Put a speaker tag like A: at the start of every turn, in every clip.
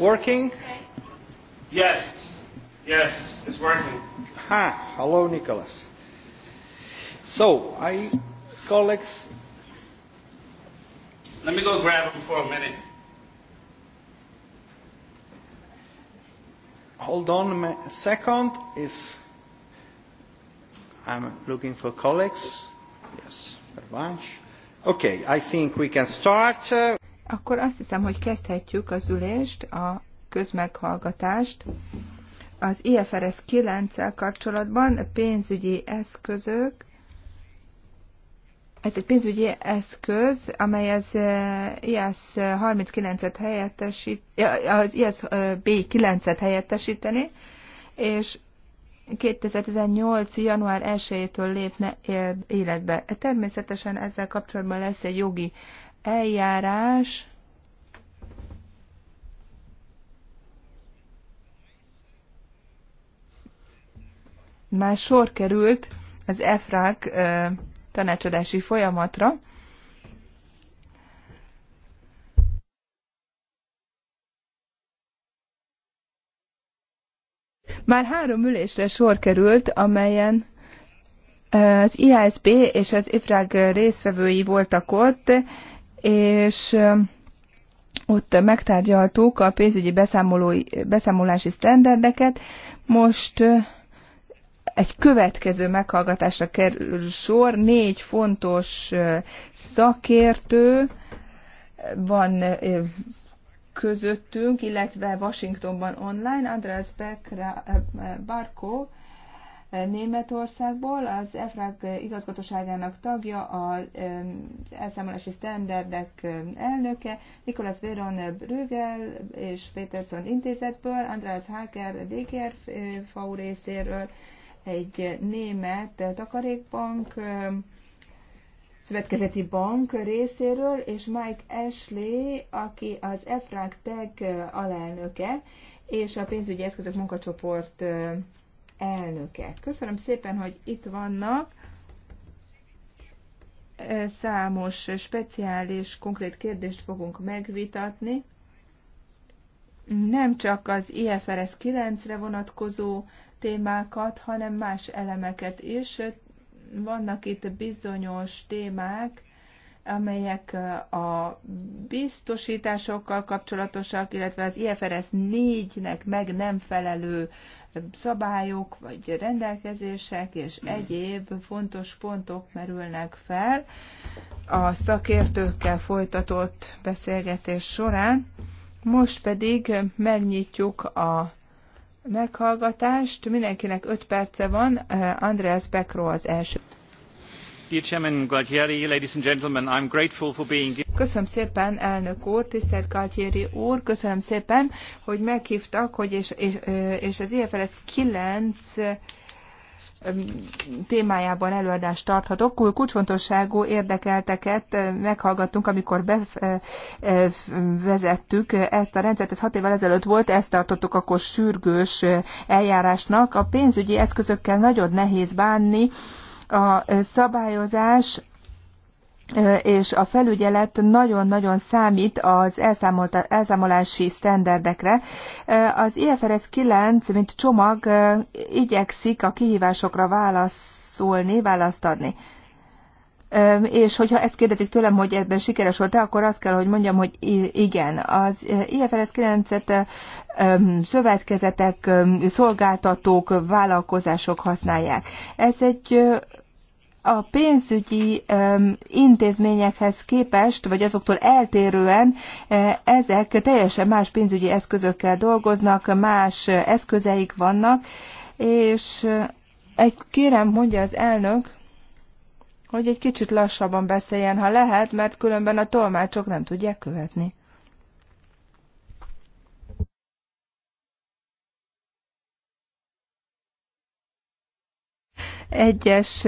A: Working? Yes. Yes, it's working.
B: Ha, hello, Nicholas. So, I, colleagues.
C: Let me go grab him for a minute.
B: Hold on a second.
C: Is I'm looking for colleagues. Yes, very
B: much. Okay, I think we can start.
C: Uh,
A: akkor azt hiszem, hogy kezdhetjük az ülést, a közmeghallgatást. Az IFRS 9-el kapcsolatban a pénzügyi eszközök, ez egy pénzügyi eszköz, amely az eh, IAS 39-et helyettesít, az IAS eh, B9-et helyettesíteni, és 2018. január 1-től lépne életbe. Természetesen ezzel kapcsolatban lesz egy jogi eljárás már sor került az EFRAK tanácsadási folyamatra, Már három ülésre sor került, amelyen az ISB és az IFRAG részvevői voltak ott, és ott megtárgyaltuk a pénzügyi beszámolói, beszámolási sztenderdeket. Most egy következő meghallgatásra kerül sor, négy fontos szakértő van közöttünk, illetve Washingtonban online, András Beck, Barkó, Németországból, az EFRAG igazgatóságának tagja, az elszámolási standardek elnöke, Nikolas Veron Brügel és Peterson intézetből, András Haker DGRV részéről, egy német takarékbank, szövetkezeti bank részéről, és Mike Ashley, aki az EFRAG tag alelnöke, és a pénzügyi eszközök munkacsoport elnöke. Köszönöm szépen, hogy itt vannak. Számos speciális, konkrét kérdést fogunk megvitatni. Nem csak az IFRS 9-re vonatkozó témákat, hanem más elemeket is. Vannak itt bizonyos témák, amelyek a biztosításokkal kapcsolatosak, illetve az IFRS 4-nek meg nem felelő szabályok vagy rendelkezések és egyéb fontos pontok merülnek fel a szakértőkkel folytatott beszélgetés során. Most pedig megnyitjuk a meghallgatást. Mindenkinek 5 perce van. Andreas Beckro az első. Köszönöm szépen, elnök úr, tisztelt Galtieri úr, köszönöm szépen, hogy meghívtak, hogy és, és, és az IFRS 9 témájában előadást tarthatok. Kulcsfontosságú érdekelteket meghallgattunk, amikor bevezettük ezt a rendszert. Ez hat évvel ezelőtt volt, ezt tartottuk akkor sürgős eljárásnak. A pénzügyi eszközökkel nagyon nehéz bánni, a szabályozás és a felügyelet nagyon-nagyon számít az elszámolási sztenderdekre. Az IFRS 9, mint csomag, igyekszik a kihívásokra válaszolni, választ adni és hogyha ezt kérdezik tőlem, hogy ebben sikeres volt e akkor azt kell, hogy mondjam, hogy igen. Az IFRS 9-et szövetkezetek, szolgáltatók, vállalkozások használják. Ez egy a pénzügyi intézményekhez képest, vagy azoktól eltérően ezek teljesen más pénzügyi eszközökkel dolgoznak, más eszközeik vannak, és egy kérem, mondja az elnök, hogy egy kicsit lassabban beszéljen, ha lehet, mert különben a tolmácsok nem tudják követni. egyes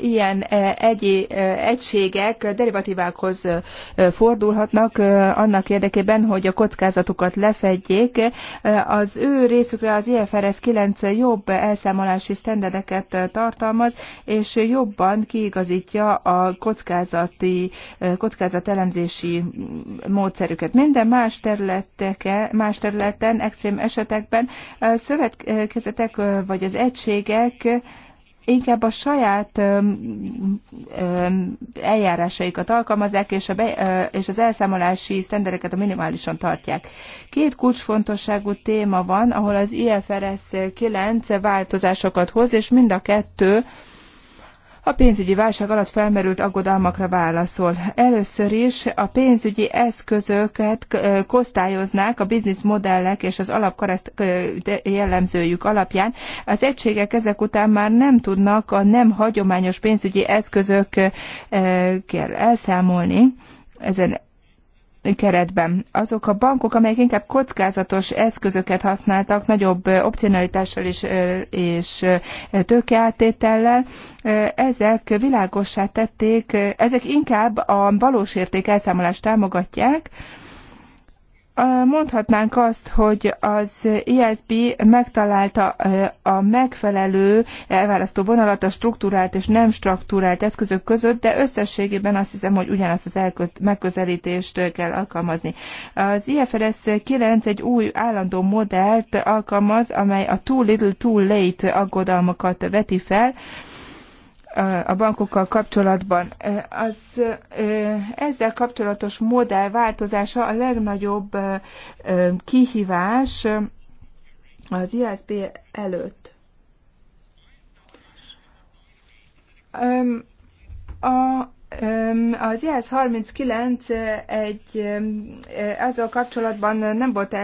A: ilyen egy, egységek derivatívákhoz fordulhatnak annak érdekében, hogy a kockázatokat lefedjék. Az ő részükre az IFRS 9 jobb elszámolási sztenderdeket tartalmaz, és jobban kiigazítja a kockázati, kockázatelemzési módszerüket. Minden más, más területen, extrém esetekben szövetkezetek vagy az egységek inkább a saját eljárásaikat alkalmazzák, és, a be, és az elszámolási sztendereket a minimálisan tartják. Két kulcsfontosságú téma van, ahol az IFRS 9 változásokat hoz, és mind a kettő a pénzügyi válság alatt felmerült aggodalmakra válaszol. Először is a pénzügyi eszközöket kosztályoznák a bizniszmodellek és az alapkereszt jellemzőjük alapján. Az egységek ezek után már nem tudnak a nem hagyományos pénzügyi kell elszámolni ezen keretben. Azok a bankok, amelyek inkább kockázatos eszközöket használtak, nagyobb opcionalitással és, és tőkeáttétellel, ezek világosá tették, ezek inkább a valós érték elszámolást támogatják, Mondhatnánk azt, hogy az ISB megtalálta a megfelelő elválasztó vonalat a struktúrált és nem struktúrált eszközök között, de összességében azt hiszem, hogy ugyanazt az megközelítést kell alkalmazni. Az IFRS 9 egy új állandó modellt alkalmaz, amely a too little, too late aggodalmakat veti fel, a bankokkal kapcsolatban. Az ezzel kapcsolatos modell változása a legnagyobb kihívás az ISB előtt. A, az IAS 39 egy, azzal kapcsolatban nem volt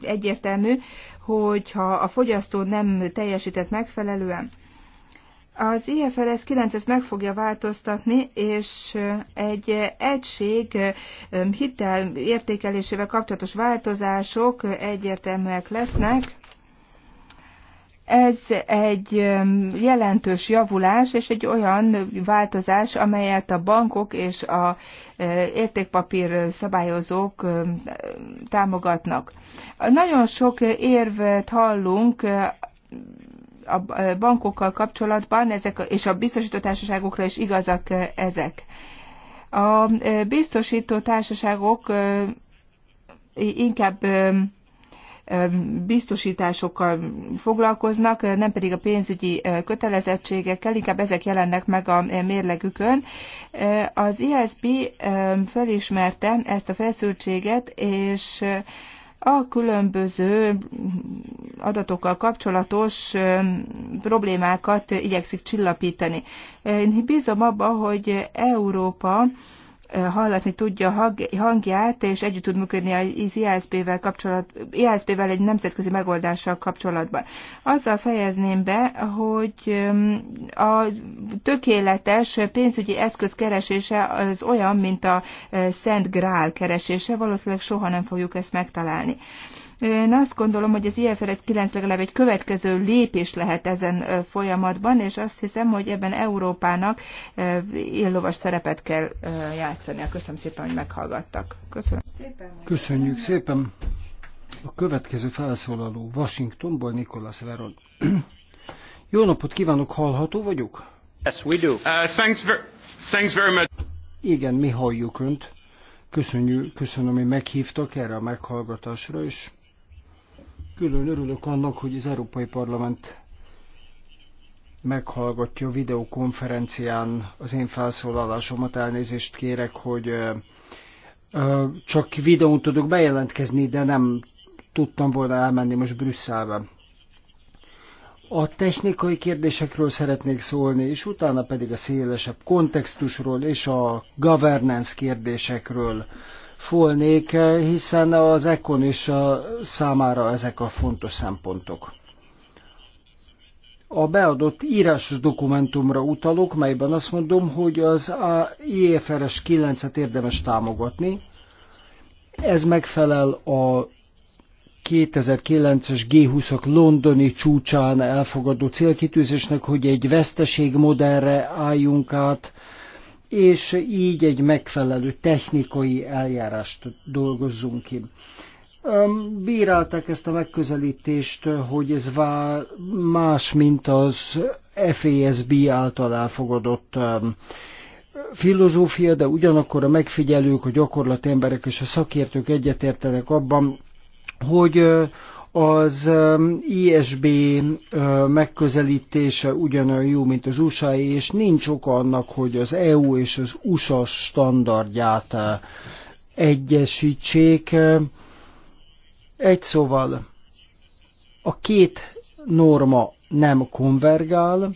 A: egyértelmű, hogyha a fogyasztó nem teljesített megfelelően. Az IFRS 9 ezt meg fogja változtatni, és egy egység hitel értékelésével kapcsolatos változások egyértelműek lesznek. Ez egy jelentős javulás, és egy olyan változás, amelyet a bankok és a értékpapír szabályozók támogatnak. Nagyon sok érvet hallunk a bankokkal kapcsolatban, ezek, és a biztosító társaságokra is igazak ezek. A biztosító társaságok inkább biztosításokkal foglalkoznak, nem pedig a pénzügyi kötelezettségekkel, inkább ezek jelennek meg a mérlegükön. Az ISB felismerte ezt a feszültséget, és a különböző adatokkal kapcsolatos problémákat igyekszik csillapítani. Én bízom abba, hogy Európa hallatni tudja hangját, és együtt tud működni az ISB-vel, kapcsolat, ISB-vel egy nemzetközi megoldással kapcsolatban. Azzal fejezném be, hogy um, a tökéletes pénzügyi eszköz keresése az olyan, mint a uh, Szent Grál keresése, valószínűleg soha nem fogjuk ezt megtalálni. Én azt gondolom, hogy az IFRS 9 legalább egy következő lépés lehet ezen folyamatban, és azt hiszem, hogy ebben Európának illovas szerepet kell játszania. Köszönöm szépen, hogy meghallgattak. Köszönöm szépen.
B: Köszönjük szépen. A következő felszólaló Washingtonból Nikolas Veron. Jó napot kívánok, hallható vagyok?
C: Yes, we do. Uh, thanks, ver- thanks
B: very much. Igen, mi halljuk Önt. Köszönjük, köszönöm, hogy meghívtak erre a meghallgatásra, és Külön örülök annak, hogy az Európai Parlament meghallgatja a videokonferencián az én felszólalásomat, elnézést kérek, hogy csak videón tudok bejelentkezni, de nem tudtam volna elmenni most Brüsszelbe. A technikai kérdésekről szeretnék szólni, és utána pedig a szélesebb kontextusról és a governance kérdésekről fúlnék, hiszen az Ekon is számára ezek a fontos szempontok. A beadott írásos dokumentumra utalok, melyben azt mondom, hogy az IFRS 9-et érdemes támogatni. Ez megfelel a 2009-es G20-ak londoni csúcsán elfogadó célkitűzésnek, hogy egy veszteségmodellre álljunk át, és így egy megfelelő technikai eljárást dolgozzunk ki. Bírálták ezt a megközelítést, hogy ez más, mint az FASB által elfogadott filozófia, de ugyanakkor a megfigyelők, a gyakorlati emberek és a szakértők egyetértenek abban, hogy az um, ISB um, megközelítése ugyanolyan jó, mint az usa és nincs oka annak, hogy az EU és az USA standardját uh, egyesítsék. Uh, egy szóval, a két norma nem konvergál,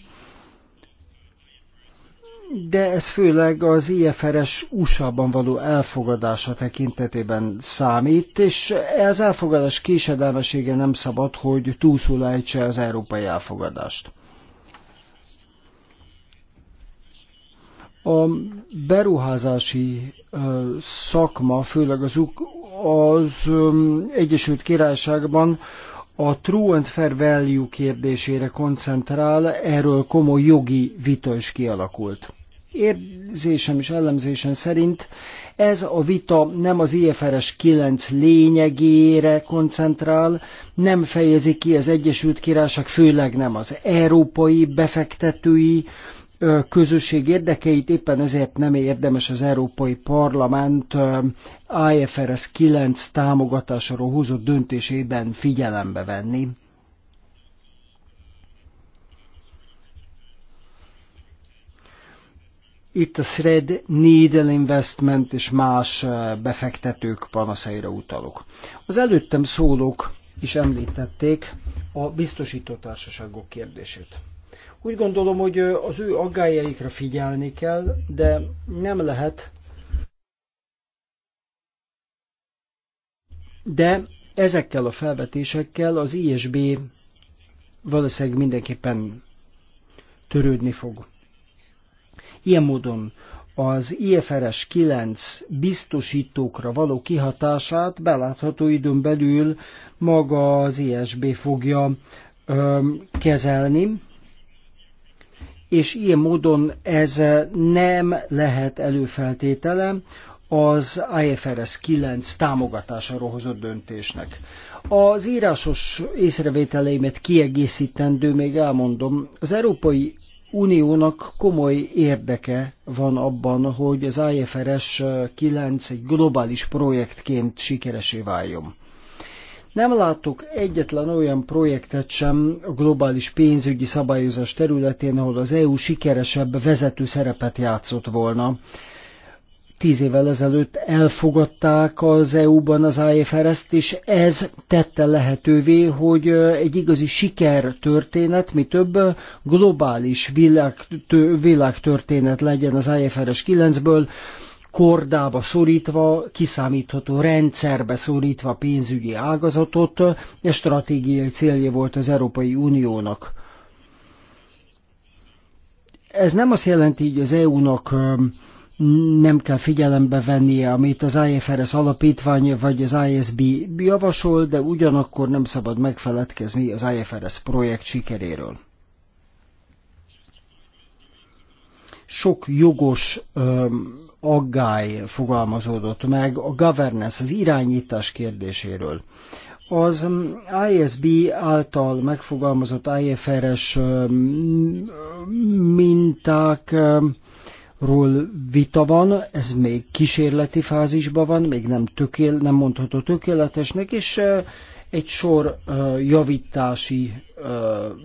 B: de ez főleg az IFRS USA-ban való elfogadása tekintetében számít, és ez elfogadás késedelmesége nem szabad, hogy túlszulejtse az európai elfogadást. A beruházási szakma, főleg az, az Egyesült Királyságban a true and fair value kérdésére koncentrál, erről komoly jogi vita is kialakult. Érzésem és ellenzésem szerint ez a vita nem az IFRS 9 lényegére koncentrál, nem fejezi ki az Egyesült Királyság, főleg nem az európai befektetői közösség érdekeit, éppen ezért nem érdemes az Európai Parlament IFRS 9 támogatásáról hozott döntésében figyelembe venni. Itt a Thread Needle Investment és más befektetők panaszaira utalok. Az előttem szólók is említették a biztosítótársaságok kérdését. Úgy gondolom, hogy az ő aggájaikra figyelni kell, de nem lehet. De ezekkel a felvetésekkel az ISB valószínűleg mindenképpen törődni fog. Ilyen módon az IFRS 9 biztosítókra való kihatását belátható időn belül maga az ISB fogja ö, kezelni, és ilyen módon ez eh, nem lehet előfeltétele az IFRS 9 támogatásáról hozott döntésnek. Az írásos észrevételeimet kiegészítendő még elmondom, az Európai Uniónak komoly érdeke van abban, hogy az IFRS 9 egy globális projektként sikeresé váljon. Nem látok egyetlen olyan projektet sem a globális pénzügyi szabályozás területén, ahol az EU sikeresebb vezető szerepet játszott volna. Tíz évvel ezelőtt elfogadták az EU-ban az IFRS-t, és ez tette lehetővé, hogy egy igazi sikertörténet, mi több globális világtörténet legyen az IFRS 9-ből, kordába szorítva, kiszámítható rendszerbe szorítva pénzügyi ágazatot, és stratégiai célja volt az Európai Uniónak. Ez nem azt jelenti, hogy az EU-nak nem kell figyelembe vennie, amit az IFRS alapítvány vagy az ISB javasol, de ugyanakkor nem szabad megfeledkezni az IFRS projekt sikeréről. Sok jogos aggály fogalmazódott meg a governance, az irányítás kérdéséről. Az ISB által megfogalmazott IFRS ról vita van, ez még kísérleti fázisban van, még nem, tökél, nem mondható tökéletesnek, és egy sor javítási,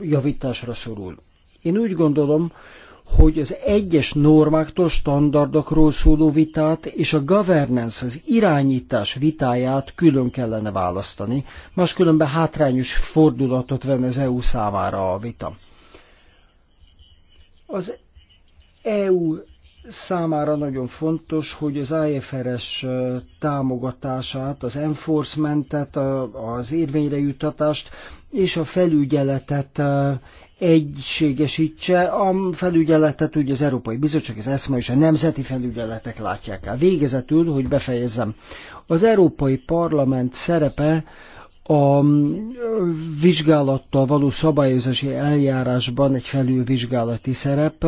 B: javításra szorul. Én úgy gondolom, hogy az egyes normáktól, standardokról szóló vitát és a governance, az irányítás vitáját külön kellene választani, máskülönben hátrányos fordulatot venne az EU számára a vita. Az EU számára nagyon fontos, hogy az IFRS támogatását, az enforcementet, az érvényre juttatást és a felügyeletet egységesítse. A felügyeletet ugye az Európai Bizottság, az ESMA és a nemzeti felügyeletek látják el. Végezetül, hogy befejezzem, az Európai Parlament szerepe a vizsgálattal való szabályozási eljárásban egy felülvizsgálati szerep,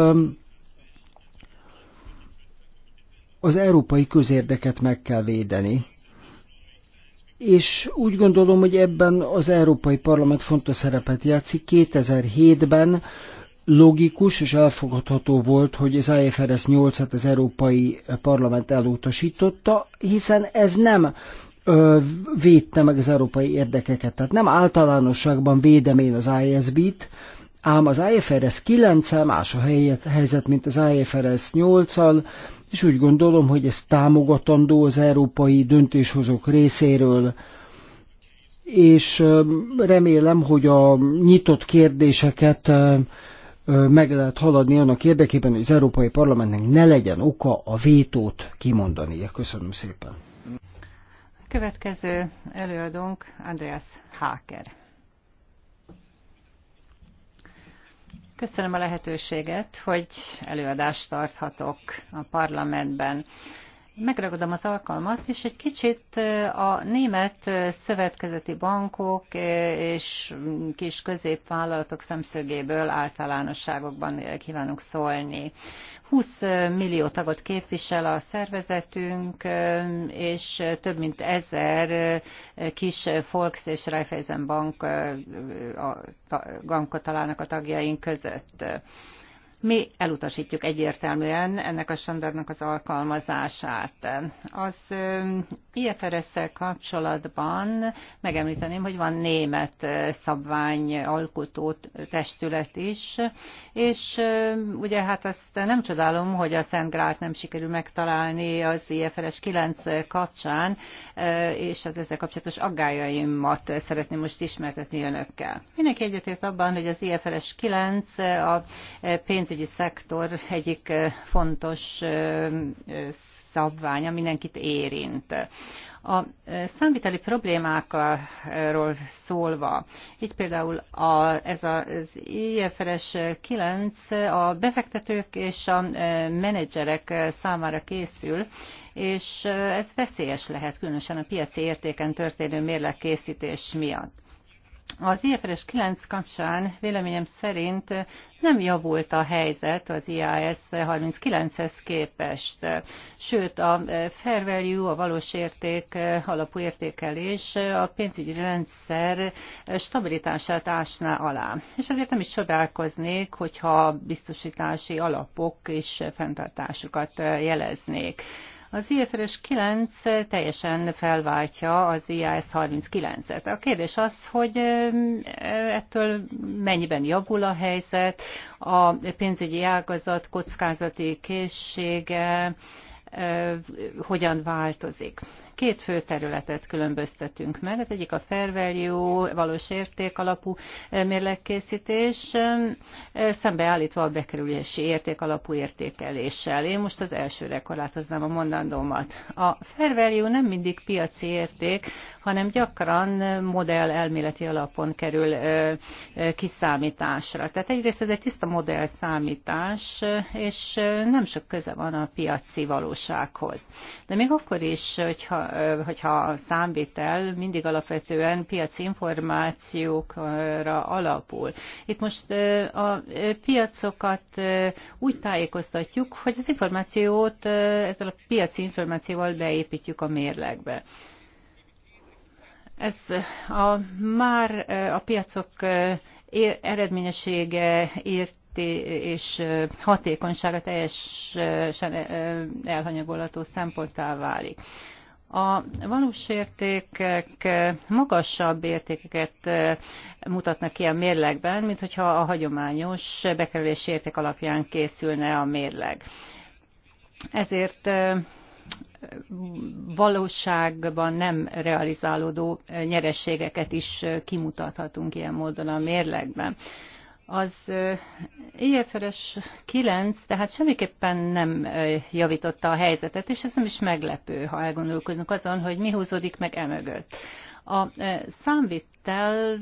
B: az európai közérdeket meg kell védeni. És úgy gondolom, hogy ebben az Európai Parlament fontos szerepet játszik. 2007-ben logikus és elfogadható volt, hogy az IFRS 8-at az Európai Parlament elutasította, hiszen ez nem ö, védte meg az európai érdekeket. Tehát nem általánosságban védem én az ISB-t, ám az IFRS 9 más a helyet, helyzet, mint az IFRS 8-al, és úgy gondolom, hogy ez támogatandó az európai döntéshozók részéről, és remélem, hogy a nyitott kérdéseket meg lehet haladni annak érdekében, hogy az Európai Parlamentnek ne legyen oka a vétót kimondani. Köszönöm szépen.
C: Következő előadónk Andreas Háker. Köszönöm a lehetőséget, hogy előadást tarthatok a parlamentben. Megragadom az alkalmat, és egy kicsit a német szövetkezeti bankok és kis középvállalatok szemszögéből általánosságokban kívánok szólni. 20 millió tagot képvisel a szervezetünk, és több mint ezer kis Volks és Raiffeisen Bank bankot találnak a tagjaink között. Mi elutasítjuk egyértelműen ennek a standardnak az alkalmazását. Az IFRS-szel kapcsolatban megemlíteném, hogy van német szabvány alkotó testület is, és ugye hát azt nem csodálom, hogy a Szent Grált nem sikerül megtalálni az IFRS 9 kapcsán, és az ezzel kapcsolatos aggájaimat szeretném most ismertetni önökkel. Mindenki egyetért abban, hogy az IFRS 9 a pénz pénzügyi szektor egyik fontos szabványa mindenkit érint. A számviteli problémákról szólva, így például a, ez az IFRS 9 a befektetők és a menedzserek számára készül, és ez veszélyes lehet, különösen a piaci értéken történő mérlekészítés miatt. Az IFRS 9 kapcsán véleményem szerint nem javult a helyzet az IAS 39-hez képest. Sőt, a fair value, a valós érték alapú értékelés a pénzügyi rendszer stabilitását ásná alá. És azért nem is csodálkoznék, hogyha biztosítási alapok is fenntartásukat jeleznék. Az IFRS 9 eh, teljesen felváltja az IAS 39-et. A kérdés az, hogy eh, ettől mennyiben javul a helyzet, a pénzügyi ágazat kockázati készsége, eh, hogyan változik. Két fő területet különböztetünk meg. Az egyik a fair value, valós érték alapú eh, mérlegkészítés, eh, szembeállítva a bekerülési érték alapú értékeléssel. Én most az elsőre korlátoznám a mondandómat. A fair value nem mindig piaci érték, hanem gyakran modell elméleti alapon kerül eh, kiszámításra. Tehát egyrészt ez egy tiszta modell számítás, és nem sok köze van a piaci valósághoz. De még akkor is, hogyha hogyha a számvitel mindig alapvetően piaci információkra alapul. Itt most a piacokat úgy tájékoztatjuk, hogy az információt ezzel a piaci információval beépítjük a mérlegbe. Ez a, már a piacok eredményessége írt és hatékonysága teljesen elhanyagolható szemponttá válik. A valós értékek magasabb értékeket eh, mutatnak ki a mérlegben, mint hogyha a hagyományos bekerülési érték alapján készülne a mérleg. Ezért eh, valóságban nem realizálódó nyerességeket is kimutathatunk ilyen módon a mérlegben az IFRS 9 tehát semmiképpen nem javította a helyzetet, és ez nem is meglepő, ha elgondolkozunk azon, hogy mi húzódik meg emögött. A számvittel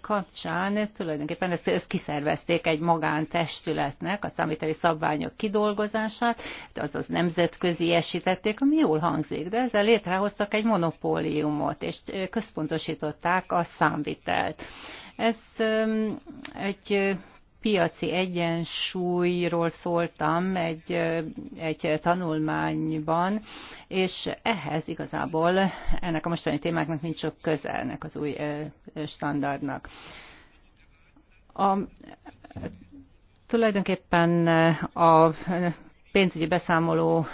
C: kapcsán tulajdonképpen ezt, ezt kiszervezték egy magántestületnek, a számviteli szabványok kidolgozását, azaz nemzetközi esítették, ami jól hangzik, de ezzel létrehoztak egy monopóliumot, és központosították a számvitelt. Ez egy piaci egyensúlyról szóltam egy, egy tanulmányban, és ehhez igazából ennek a mostani témáknak nincs sok közelnek az új standardnak. A, tulajdonképpen a pénzügyi beszámoló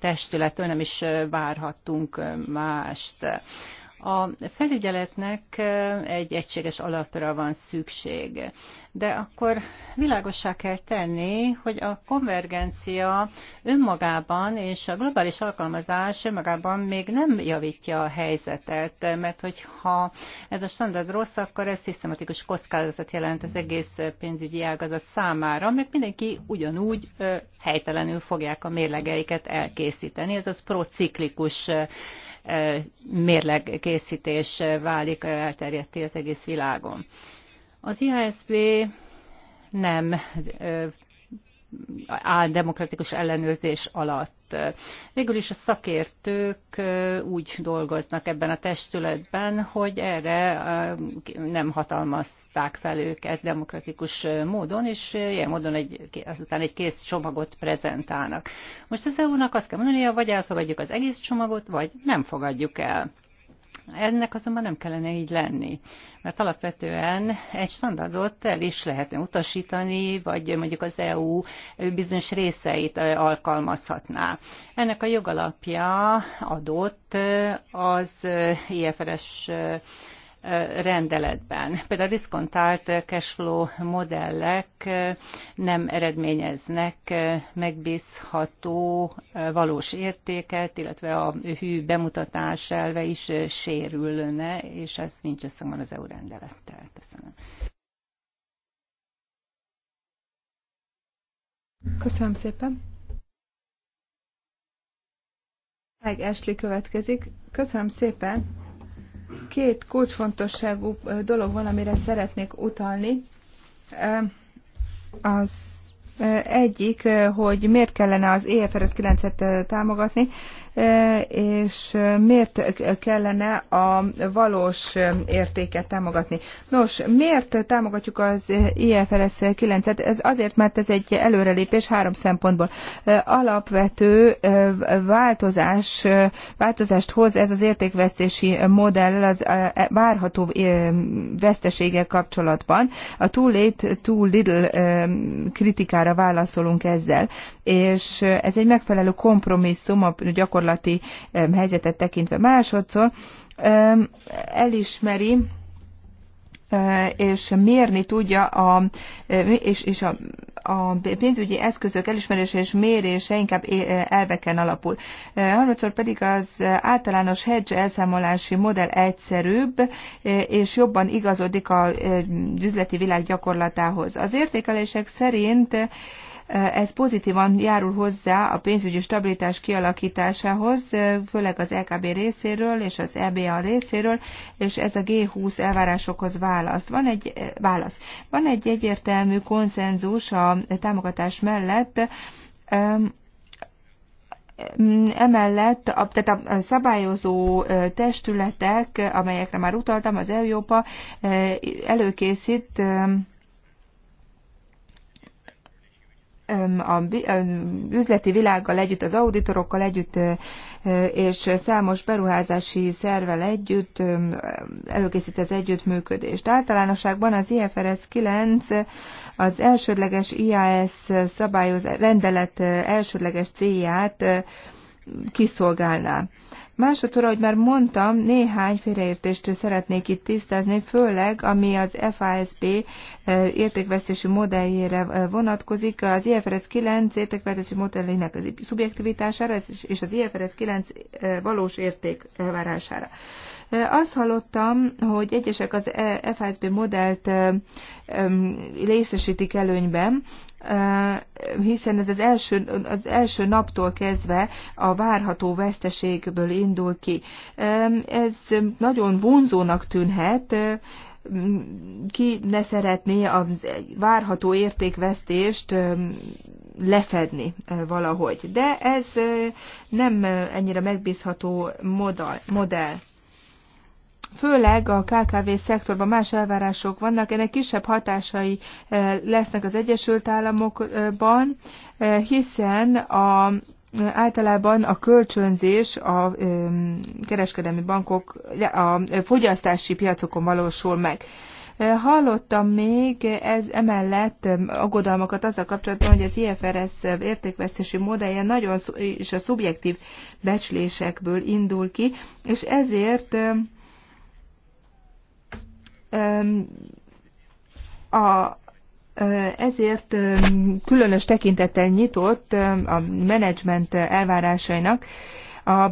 C: testülettől nem is várhattunk mást. A felügyeletnek egy egységes alapra van szükség, de akkor világossá kell tenni, hogy a konvergencia önmagában és a globális alkalmazás önmagában még nem javítja a helyzetet, mert hogyha ez a standard rossz, akkor ez szisztematikus kockázatot jelent az egész pénzügyi ágazat számára, mert mindenki ugyanúgy helytelenül fogják a mérlegeiket elkészíteni, ez az prociklikus mérlegkészítés válik elterjedté az egész világon. Az IASB nem áll demokratikus ellenőrzés alatt. Végül is a szakértők úgy dolgoznak ebben a testületben, hogy erre nem hatalmazták fel őket demokratikus módon, és ilyen módon egy, azután egy kész csomagot prezentálnak. Most az EU-nak azt kell hogy vagy elfogadjuk az egész csomagot, vagy nem fogadjuk el. Ennek azonban nem kellene így lenni, mert alapvetően egy standardot el is lehetne utasítani, vagy mondjuk az EU bizonyos részeit alkalmazhatná. Ennek a jogalapja adott az IFRS rendeletben. Például a diszkontált cashflow modellek nem eredményeznek megbízható valós értéket, illetve a hű bemutatás elve is sérülne, és ez nincs összhangban az EU rendelettel. Köszönöm.
A: Köszönöm szépen. Meg Ashley következik. Köszönöm szépen. Két kulcsfontosságú dolog van, amire szeretnék utalni. Az egyik, hogy miért kellene az EFRS 9-et támogatni. E, és miért kellene a valós értéket támogatni. Nos, miért támogatjuk az IFRS 9-et? Ez azért, mert ez egy előrelépés három szempontból. E, alapvető e, változás, változást hoz ez az értékvesztési modell az várható veszteséggel kapcsolatban. A too late, too little kritikára válaszolunk ezzel és ez egy megfelelő kompromisszum a gyakorlati helyzetet tekintve másodszor, elismeri, e, és mérni tudja a, e, és, és a, a pénzügyi eszközök elismerése és mérése inkább e, elveken alapul. Harmadszor pedig az általános hedge elszámolási modell egyszerűbb, és jobban igazodik a üzleti világ gyakorlatához. Az értékelések szerint ez pozitívan járul hozzá a pénzügyi stabilitás kialakításához, főleg az LKB e részéről és az EBA részéről, és ez a G20 elvárásokhoz válasz. Van egy, eh, válasz. Van egy egyértelmű konszenzus a támogatás mellett, emellett a, tehát a szabályozó eh, testületek, amelyekre már utaltam, az Európa eh, előkészít a üzleti világgal együtt, az auditorokkal együtt, és számos beruházási szervel együtt előkészít az együttműködést. Általánosságban az IFRS 9 az elsődleges IAS szabályoz, rendelet elsődleges célját kiszolgálná. Másodszor, ahogy már mondtam, néhány félreértést szeretnék itt tisztázni, főleg ami az FASB eh, értékvesztési modelljére eh, vonatkozik, az IFRS 9 értékvesztési modellének az szubjektivitására és az IFRS 9 eh, valós értékvárására. Azt hallottam, hogy egyesek az e- FSB modellt részesítik előnyben, hiszen ez az első, az első naptól kezdve a várható veszteségből indul ki. Ez nagyon vonzónak tűnhet, ki ne szeretné a várható értékvesztést lefedni valahogy. De ez nem ennyire megbízható modell főleg a KKV szektorban más elvárások vannak, ennek kisebb hatásai eh, lesznek az Egyesült Államokban, eh, hiszen a eh, általában a kölcsönzés a kereskedelmi bankok, a fogyasztási piacokon valósul meg. Hallottam még ez emellett aggodalmakat azzal kapcsolatban, hogy az IFRS értékvesztési modellje nagyon és a szubjektív becslésekből indul ki, és ezért a, ezért különös tekintettel nyitott a menedzsment elvárásainak. A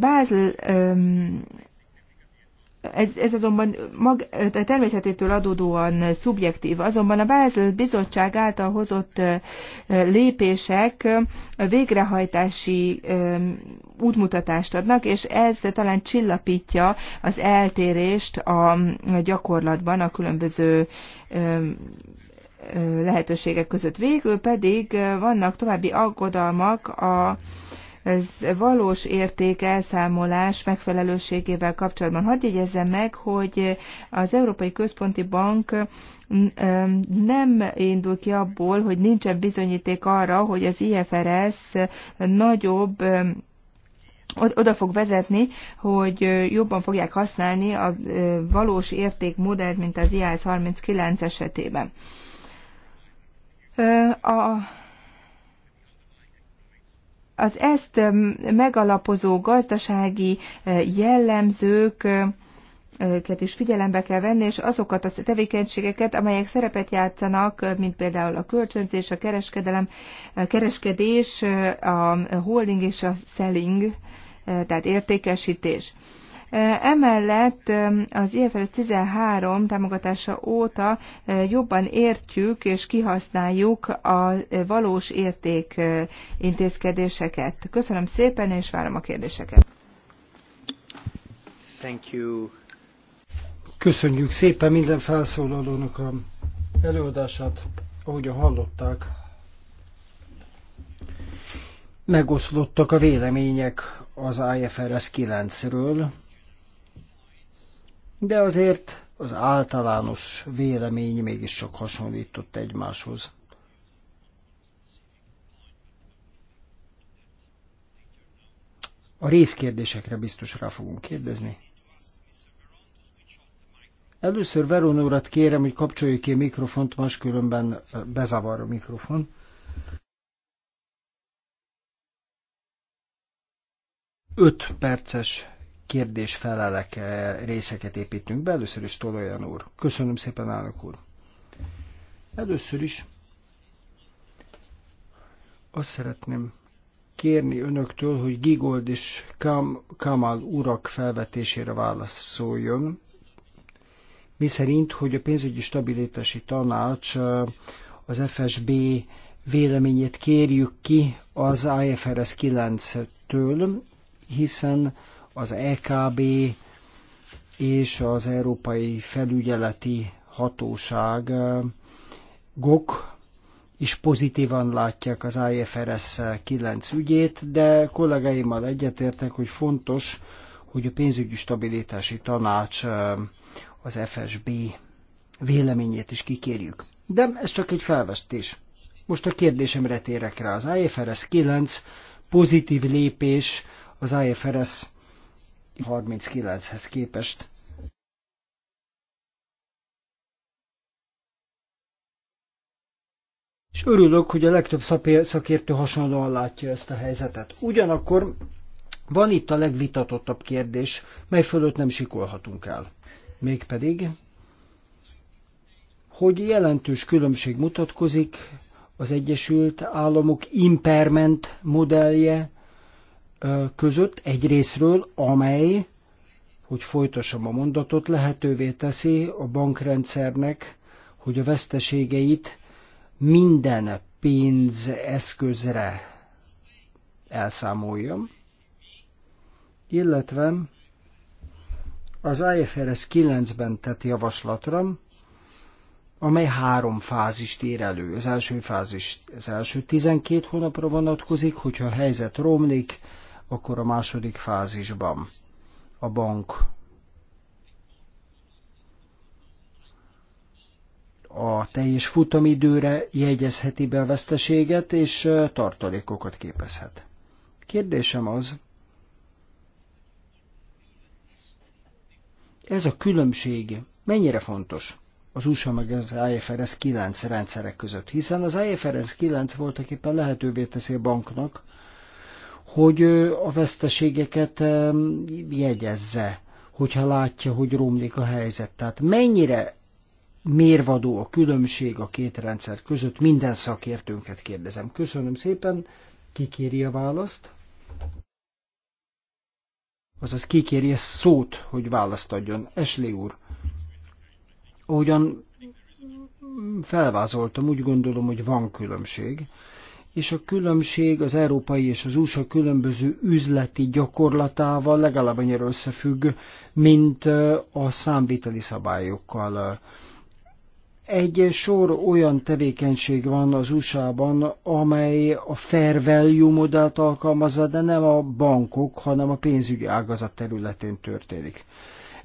A: Basel ez, ez azonban mag, természetétől adódóan szubjektív, azonban a Bázel bizottság által hozott lépések végrehajtási útmutatást adnak, és ez talán csillapítja az eltérést a gyakorlatban a különböző lehetőségek között. Végül pedig vannak további aggodalmak a ez valós érték elszámolás megfelelőségével kapcsolatban. Hadd jegyezzem meg, hogy az Európai Központi Bank mm, nem indul ki abból, hogy nincsen bizonyíték arra, hogy az IFRS nagyobb oda fog vezetni, hogy jobban fogják használni a valós érték modellt mint az IAS 39 esetében. A az ezt megalapozó gazdasági e, jellemzők e, őket is figyelembe kell venni, és azokat a tevékenységeket, amelyek szerepet játszanak, e, mint például a kölcsönzés, a kereskedelem, a kereskedés, a holding és a selling, tehát értékesítés. Emellett az IFRS 13 támogatása óta jobban értjük és kihasználjuk a valós érték intézkedéseket. Köszönöm szépen, és várom a kérdéseket.
B: Thank you. Köszönjük szépen minden felszólalónak a előadását, ahogyan hallották. Megoszlottak a vélemények az IFRS 9-ről, de azért az általános vélemény mégiscsak hasonlított egymáshoz. A részkérdésekre biztos rá fogunk kérdezni. Először Veron urat kérem, hogy kapcsolja ki a mikrofont, máskülönben bezavar a mikrofon. Öt perces kérdés felelek eh, részeket építünk be. Először is Tolajan úr. Köszönöm szépen, állok úr. Először is azt szeretném kérni önöktől, hogy Gigold és Kam Kamal urak felvetésére válaszoljon, mi szerint, hogy a pénzügyi stabilitási tanács eh, az FSB véleményét kérjük ki az IFRS 9-től, hiszen az EKB és az Európai Felügyeleti Hatóság GOK is pozitívan látják az IFRS 9 ügyét, de kollégáimmal egyetértek, hogy fontos, hogy a pénzügyi stabilitási tanács az FSB véleményét is kikérjük. De ez csak egy felvesztés. Most a kérdésemre térek rá. Az IFRS 9 pozitív lépés az IFRS 39-hez képest és örülök, hogy a legtöbb szakértő hasonlóan látja ezt a helyzetet. Ugyanakkor van itt a legvitatottabb kérdés, mely fölött nem sikolhatunk el. Mégpedig, hogy jelentős különbség mutatkozik az Egyesült Államok imperment modellje között egy részről, amely, hogy folytassam a mondatot, lehetővé teszi a bankrendszernek, hogy a veszteségeit minden pénzeszközre elszámoljam, illetve az IFRS 9-ben tett javaslatra, amely három fázist ír elő. Az első fázis az első 12 hónapra vonatkozik, hogyha a helyzet romlik, akkor a második fázisban a bank a teljes futamidőre jegyezheti be a veszteséget, és tartalékokat képezhet. Kérdésem az, ez a különbség mennyire fontos az USA meg az IFRS 9 rendszerek között, hiszen az IFRS 9 voltaképpen lehetővé teszi a banknak, hogy a veszteségeket jegyezze, hogyha látja, hogy romlik a helyzet. Tehát mennyire mérvadó a különbség a két rendszer között, minden szakértőnket kérdezem. Köszönöm szépen, kikéri a választ. Azaz kikéri a szót, hogy választ adjon. Esli úr, ahogyan felvázoltam, úgy gondolom, hogy van különbség és a különbség az európai és az USA különböző üzleti gyakorlatával legalább annyira összefügg, mint a számviteli szabályokkal. Egy sor olyan tevékenység van az USA-ban, amely a fair value modellt alkalmazza, de nem a bankok, hanem a pénzügyi ágazat területén történik.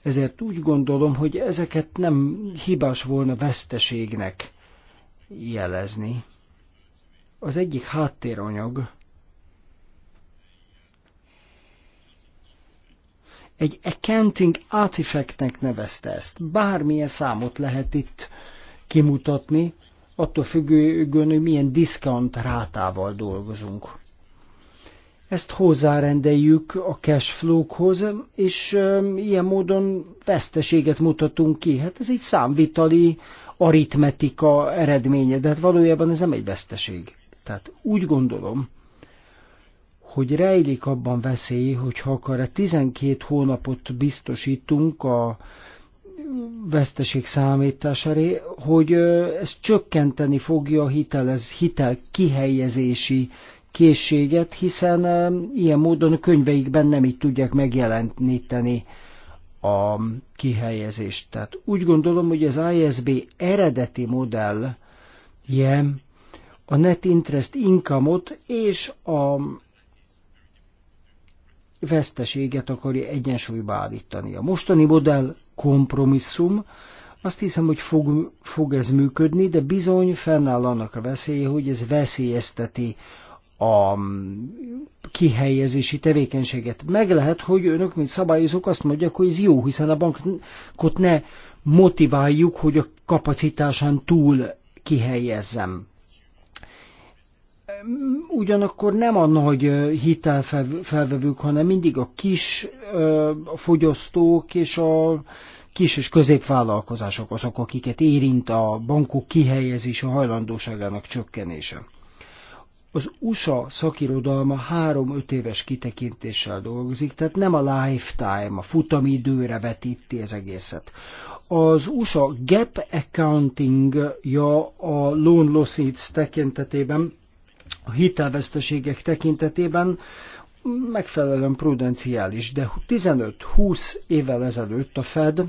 B: Ezért úgy gondolom, hogy ezeket nem hibás volna veszteségnek jelezni az egyik háttéranyag egy accounting artifactnek nevezte ezt. Bármilyen számot lehet itt kimutatni, attól függően, hogy milyen discount rátával dolgozunk. Ezt hozzárendeljük a cash flow-hoz, és ilyen módon veszteséget mutatunk ki. Hát ez egy számvitali aritmetika eredménye, de hát valójában ez nem egy veszteség. Tehát úgy gondolom, hogy rejlik abban veszély, hogy ha akar a 12 hónapot biztosítunk a veszteség számítására, hogy ez csökkenteni fogja a hitelez, hitel kihelyezési készséget, hiszen ilyen módon a könyveikben nem így tudják megjelentíteni a kihelyezést. Tehát úgy gondolom, hogy az ISB eredeti modell ilyen a net interest income és a veszteséget akarja egyensúlyba állítani. A mostani modell kompromisszum, azt hiszem, hogy fog, fog ez működni, de bizony fennáll annak a veszélye, hogy ez veszélyezteti a kihelyezési tevékenységet. Meg lehet, hogy önök, mint szabályozók azt mondják, hogy ez jó, hiszen a bankot ne motiváljuk, hogy a kapacitásán túl kihelyezzem ugyanakkor nem a nagy hitelfelvevők, hanem mindig a kis a fogyasztók és a kis és középvállalkozások azok, akiket érint a bankok kihelyezése hajlandóságának csökkenése. Az USA szakirodalma három-öt éves kitekintéssel dolgozik, tehát nem a lifetime, a futamidőre vetíti az egészet. Az USA gap accounting-ja a loan losses tekintetében a hitelveszteségek tekintetében megfelelően prudenciális, de 15-20 évvel ezelőtt a Fed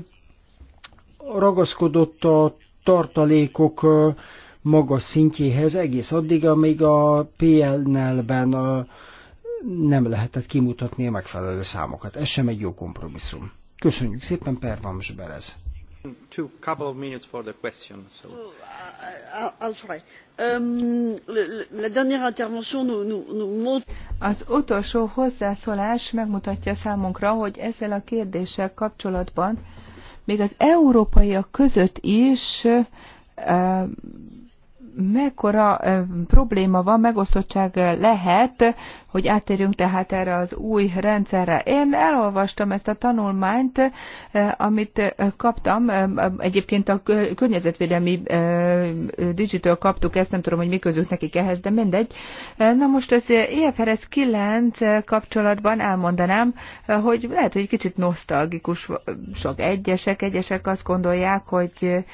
B: ragaszkodott a tartalékok magas szintjéhez egész addig, amíg a PNL-ben nem lehetett kimutatni a megfelelő számokat. Ez sem egy jó kompromisszum. Köszönjük szépen, Pervams Berez! Two couple of minutes for the question. So. Oh, I'll try. Um, la dernière intervention nous, nous, nous montre... Az utolsó
A: hozzászólás megmutatja számunkra, hogy ezzel a kérdéssel kapcsolatban még az európaiak között is mekkora probléma van, megosztottság lehet, hogy áttérjünk tehát erre az új rendszerre. Én elolvastam ezt a tanulmányt, amit kaptam, egyébként a környezetvédelmi digital kaptuk ezt, nem tudom, hogy mi közük nekik ehhez, de mindegy. Na most az EFRS 9 kapcsolatban elmondanám, hogy lehet, hogy kicsit sok egyesek, egyesek azt gondolják, hogy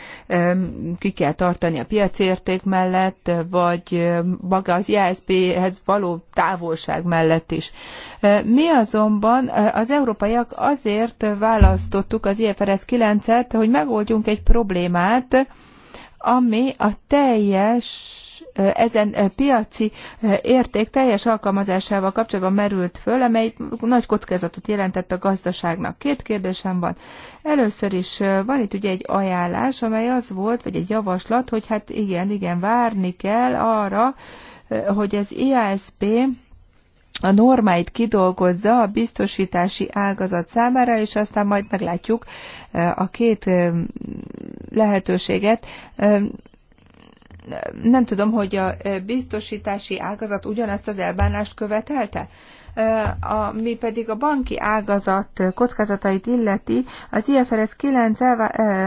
A: ki kell tartani a piacérték mellett, vagy maga az ISB-hez való távolság mellett is. Mi azonban az európaiak azért választottuk az IFRS 9-et, hogy megoldjunk egy problémát, ami a teljes ezen eh, piaci eh, érték teljes alkalmazásával kapcsolatban merült föl, amely nagy kockázatot jelentett a gazdaságnak. Két kérdésem van. Először is eh, van itt ugye egy ajánlás, amely az volt, vagy egy javaslat, hogy hát igen, igen, várni kell arra, hogy az IASP a normáit kidolgozza a biztosítási ágazat számára, és aztán majd meglátjuk a két lehetőséget nem tudom, hogy a biztosítási ágazat ugyanezt az elbánást követelte? ami pedig a banki ágazat kockázatait illeti, az IFRS 9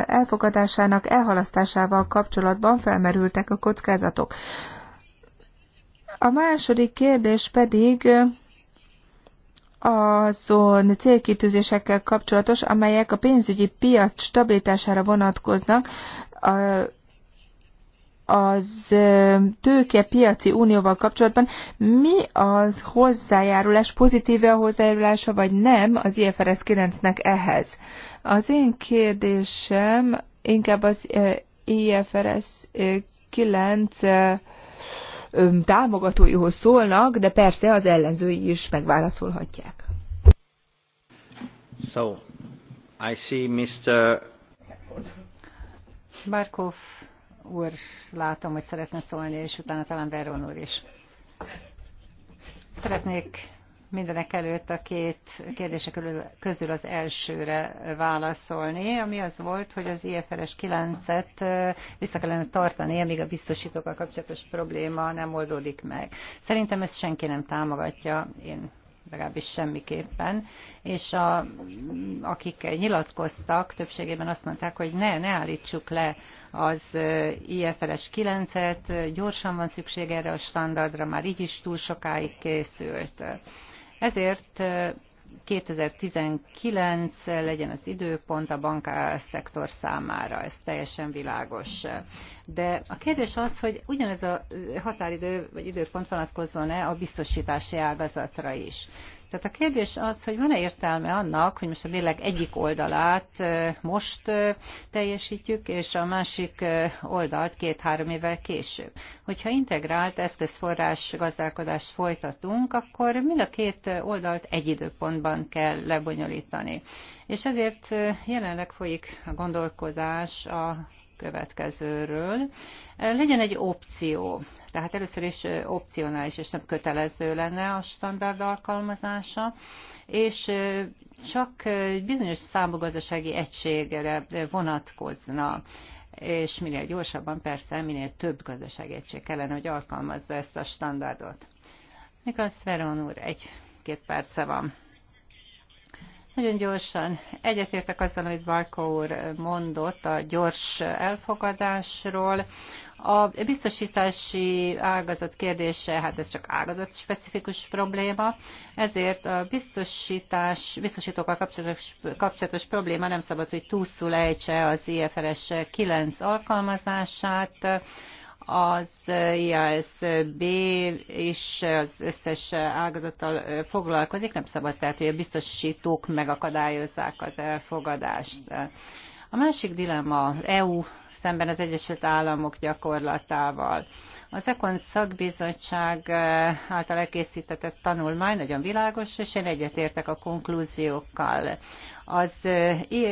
A: elfogadásának elhalasztásával kapcsolatban felmerültek a kockázatok. A második kérdés pedig azon célkitűzésekkel kapcsolatos, amelyek a pénzügyi piac stabilitására vonatkoznak, az tőkepiaci unióval kapcsolatban mi az hozzájárulás, pozitív a hozzájárulása, vagy nem az IFRS 9-nek ehhez? Az én kérdésem inkább az IFRS 9 támogatóihoz szólnak, de persze az ellenzői is megválaszolhatják.
B: So, I see Mr.
C: Markov úr látom, hogy szeretne szólni, és utána talán Veron úr is. Szeretnék mindenek előtt a két kérdése közül az elsőre válaszolni, ami az volt, hogy az IFRS 9-et vissza kellene tartani, amíg a biztosítókkal kapcsolatos probléma nem oldódik meg. Szerintem ezt senki nem támogatja, én legalábbis semmiképpen, és a, akik nyilatkoztak, többségében azt mondták, hogy ne, ne állítsuk le az IFRS 9-et, gyorsan van szükség erre a standardra, már így is túl sokáig készült. Ezért 2019 legyen az időpont a bankszektor számára, ez teljesen világos. De a kérdés az, hogy ugyanez a határidő vagy időpont vonatkozzon-e a biztosítási ágazatra is. Tehát a kérdés az, hogy van-e értelme annak, hogy most a lélek egyik oldalát most teljesítjük, és a másik oldalt két-három évvel később. Hogyha integrált eszközforrás gazdálkodást folytatunk, akkor mind a két oldalt egy időpontban kell lebonyolítani. És ezért jelenleg folyik a gondolkozás a következőről. Legyen egy opció, tehát először is opcionális és nem kötelező lenne a standard alkalmazása, és csak bizonyos számú gazdasági egységre vonatkozna és minél gyorsabban persze, minél több gazdasági egység kellene, hogy alkalmazza ezt a standardot. Mikor Veron úr, egy-két perce van. Nagyon gyorsan egyetértek azzal, amit Barkó úr mondott a gyors elfogadásról. A biztosítási ágazat kérdése, hát ez csak ágazat specifikus probléma, ezért a biztosítás, biztosítókkal kapcsolatos, kapcsolatos probléma nem szabad, hogy túlszul ejtse az IFRS 9 alkalmazását az IASB és az összes ágazattal foglalkozik, nem szabad tehát, hogy a biztosítók megakadályozzák az elfogadást. A másik dilemma EU szemben az Egyesült Államok gyakorlatával. Az EKON szakbizottság által elkészített tanulmány nagyon világos, és én egyetértek a konklúziókkal. Az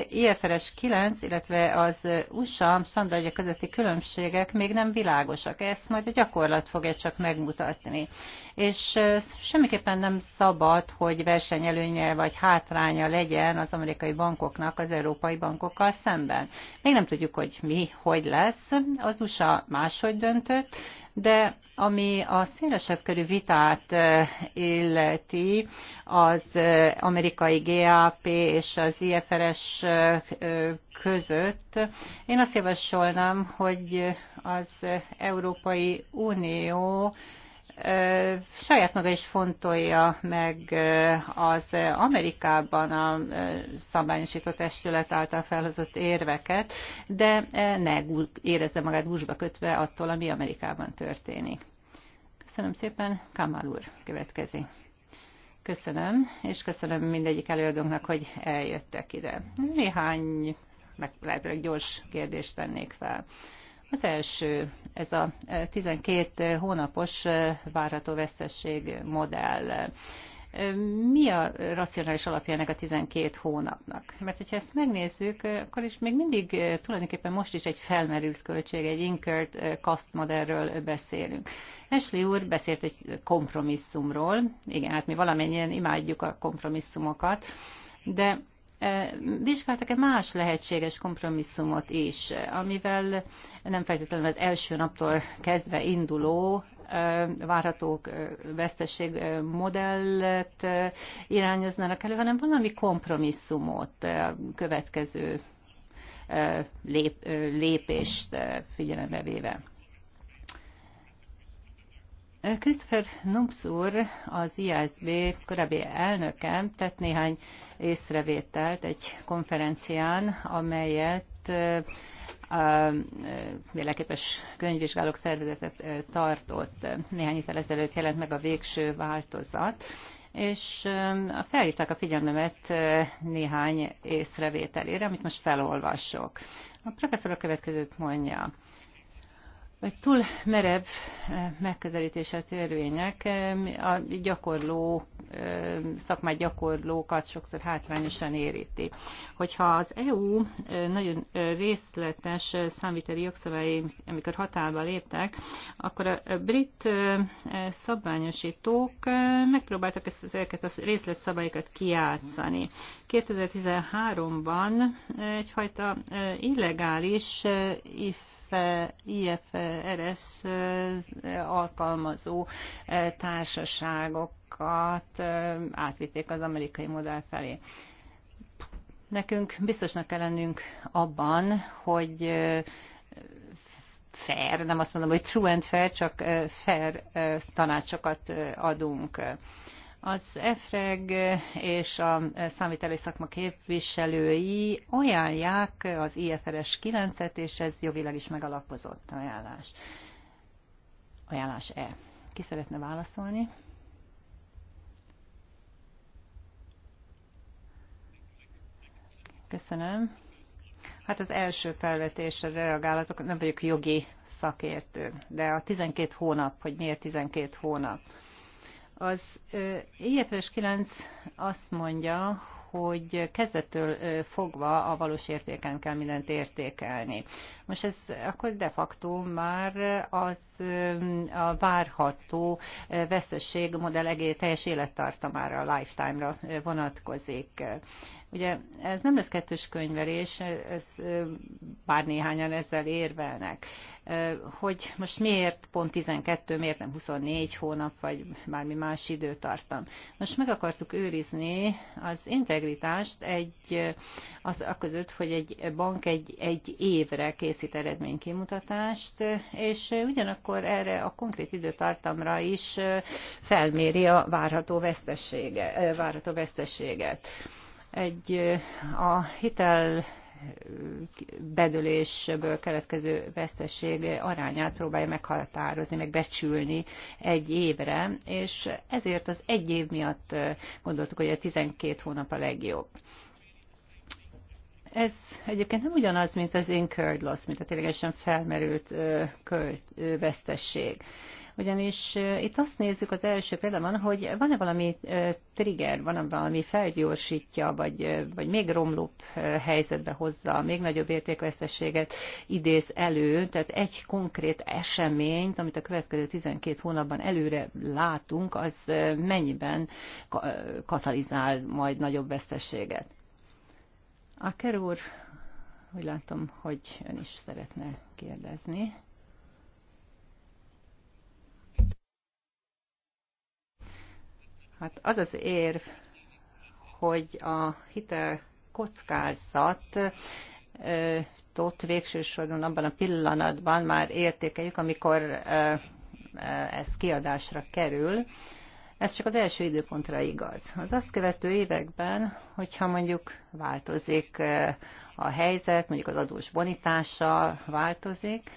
C: IFRS 9, illetve az USA standardja közötti különbségek még nem világosak. Ezt majd a gyakorlat fogja csak megmutatni. És semmiképpen nem szabad, hogy versenyelőnye vagy hátránya legyen az amerikai bankoknak az európai bankokkal szemben. Még nem tudjuk, hogy mi, hogy lesz. Az USA máshogy döntött, de ami a szélesebb körű vitát illeti, az amerikai GAP és az IFRS között, én azt javasolnám, hogy az Európai Unió saját maga is fontolja meg az Amerikában a szabályosított testület által felhozott érveket, de ne érezze magát búzsba kötve attól, ami Amerikában történik. Köszönöm szépen, Kamal úr következi. Köszönöm, és köszönöm mindegyik előadónknak, hogy eljöttek ide. Néhány, meg lehetőleg gyors kérdést tennék fel. Az első, ez a 12 eh, eh, hónapos eh, várható vesztesség modell. Mi a racionális alapja ennek a 12 hónapnak? Mert hogyha ezt megnézzük, akkor is még mindig tulajdonképpen most is egy felmerült költség, egy incurred cost modellről beszélünk. Ashley úr beszélt egy kompromisszumról. Igen, hát mi valamennyien imádjuk a kompromisszumokat, de vizsgáltak-e más lehetséges kompromisszumot is, amivel nem feltétlenül az első naptól kezdve induló várható veszteség modellt irányoznának elő, hanem valami kompromisszumot a következő lépést figyelembe véve. Christopher Nubs úr, az ISB korábbi elnöke tett néhány észrevételt egy konferencián, amelyet a véleképes könyvvizsgálók szervezetet tartott. Néhány héttel ezelőtt jelent meg a végső változat, és felhívták a figyelmemet néhány észrevételére, amit most felolvasok. A professzor a következőt mondja vagy túl merev eh, megközelítése a törvények eh, a gyakorló, eh, szakmát gyakorlókat sokszor hátrányosan éríti. Hogyha az EU nagyon részletes számviteli jogszabályai, amikor hatálba léptek, akkor a brit szabványosítók megpróbáltak ezeket a szabályokat kiátszani. 2013-ban egyfajta illegális if IFRS e, e eh, alkalmazó eh, társaságokat eh, átvitték az amerikai modell felé. Nekünk biztosnak kell lennünk abban, hogy fair, nem azt mondom, hogy true and fair, csak fair tanácsokat adunk az EFREG és a számviteli szakma képviselői ajánlják az IFRS 9-et, és ez jogilag is megalapozott ajánlás. Ajánlás E. Ki szeretne válaszolni? Köszönöm. Hát az első felvetésre reagálatok, nem vagyok jogi szakértő, de a 12 hónap, hogy miért 12 hónap. Az IFS 9 azt mondja, hogy kezdettől fogva a valós értéken kell mindent értékelni. Most ez akkor de facto már az a várható veszesség egész teljes élettartamára, a lifetime-ra vonatkozik. Ugye ez nem lesz kettős könyvelés, ez, bár néhányan ezzel érvelnek hogy most miért pont 12, miért nem 24 hónap, vagy bármi más időtartam. Most meg akartuk őrizni az integritást egy, az a között, hogy egy bank egy, egy évre készít eredménykimutatást, és ugyanakkor erre a konkrét időtartamra is felméri a várható, vesztessége, várható vesztességet. Egy a hitel bedölésből keletkező veszteség arányát próbálja meghatározni, meg becsülni egy évre, és ezért az egy év miatt gondoltuk, hogy a 12 hónap a legjobb. Ez egyébként nem ugyanaz, mint az incurred loss, mint a ténylegesen felmerült költ, vesztesség. Ugyanis itt azt nézzük az első példában, hogy van-e valami trigger, van-e valami felgyorsítja, vagy, vagy még romlóbb helyzetbe hozza, még nagyobb értékvesztességet idéz elő, tehát egy konkrét eseményt, amit a következő 12 hónapban előre látunk, az mennyiben katalizál majd nagyobb vesztességet. A úr, úgy látom, hogy ön is szeretne kérdezni. Hát az az érv, hogy a hitel kockázat tot végső soron abban a pillanatban már értékeljük, amikor ez kiadásra kerül, ez csak az első időpontra igaz. Az azt követő években, hogyha mondjuk változik eh, a helyzet, mondjuk az adós bonitása változik,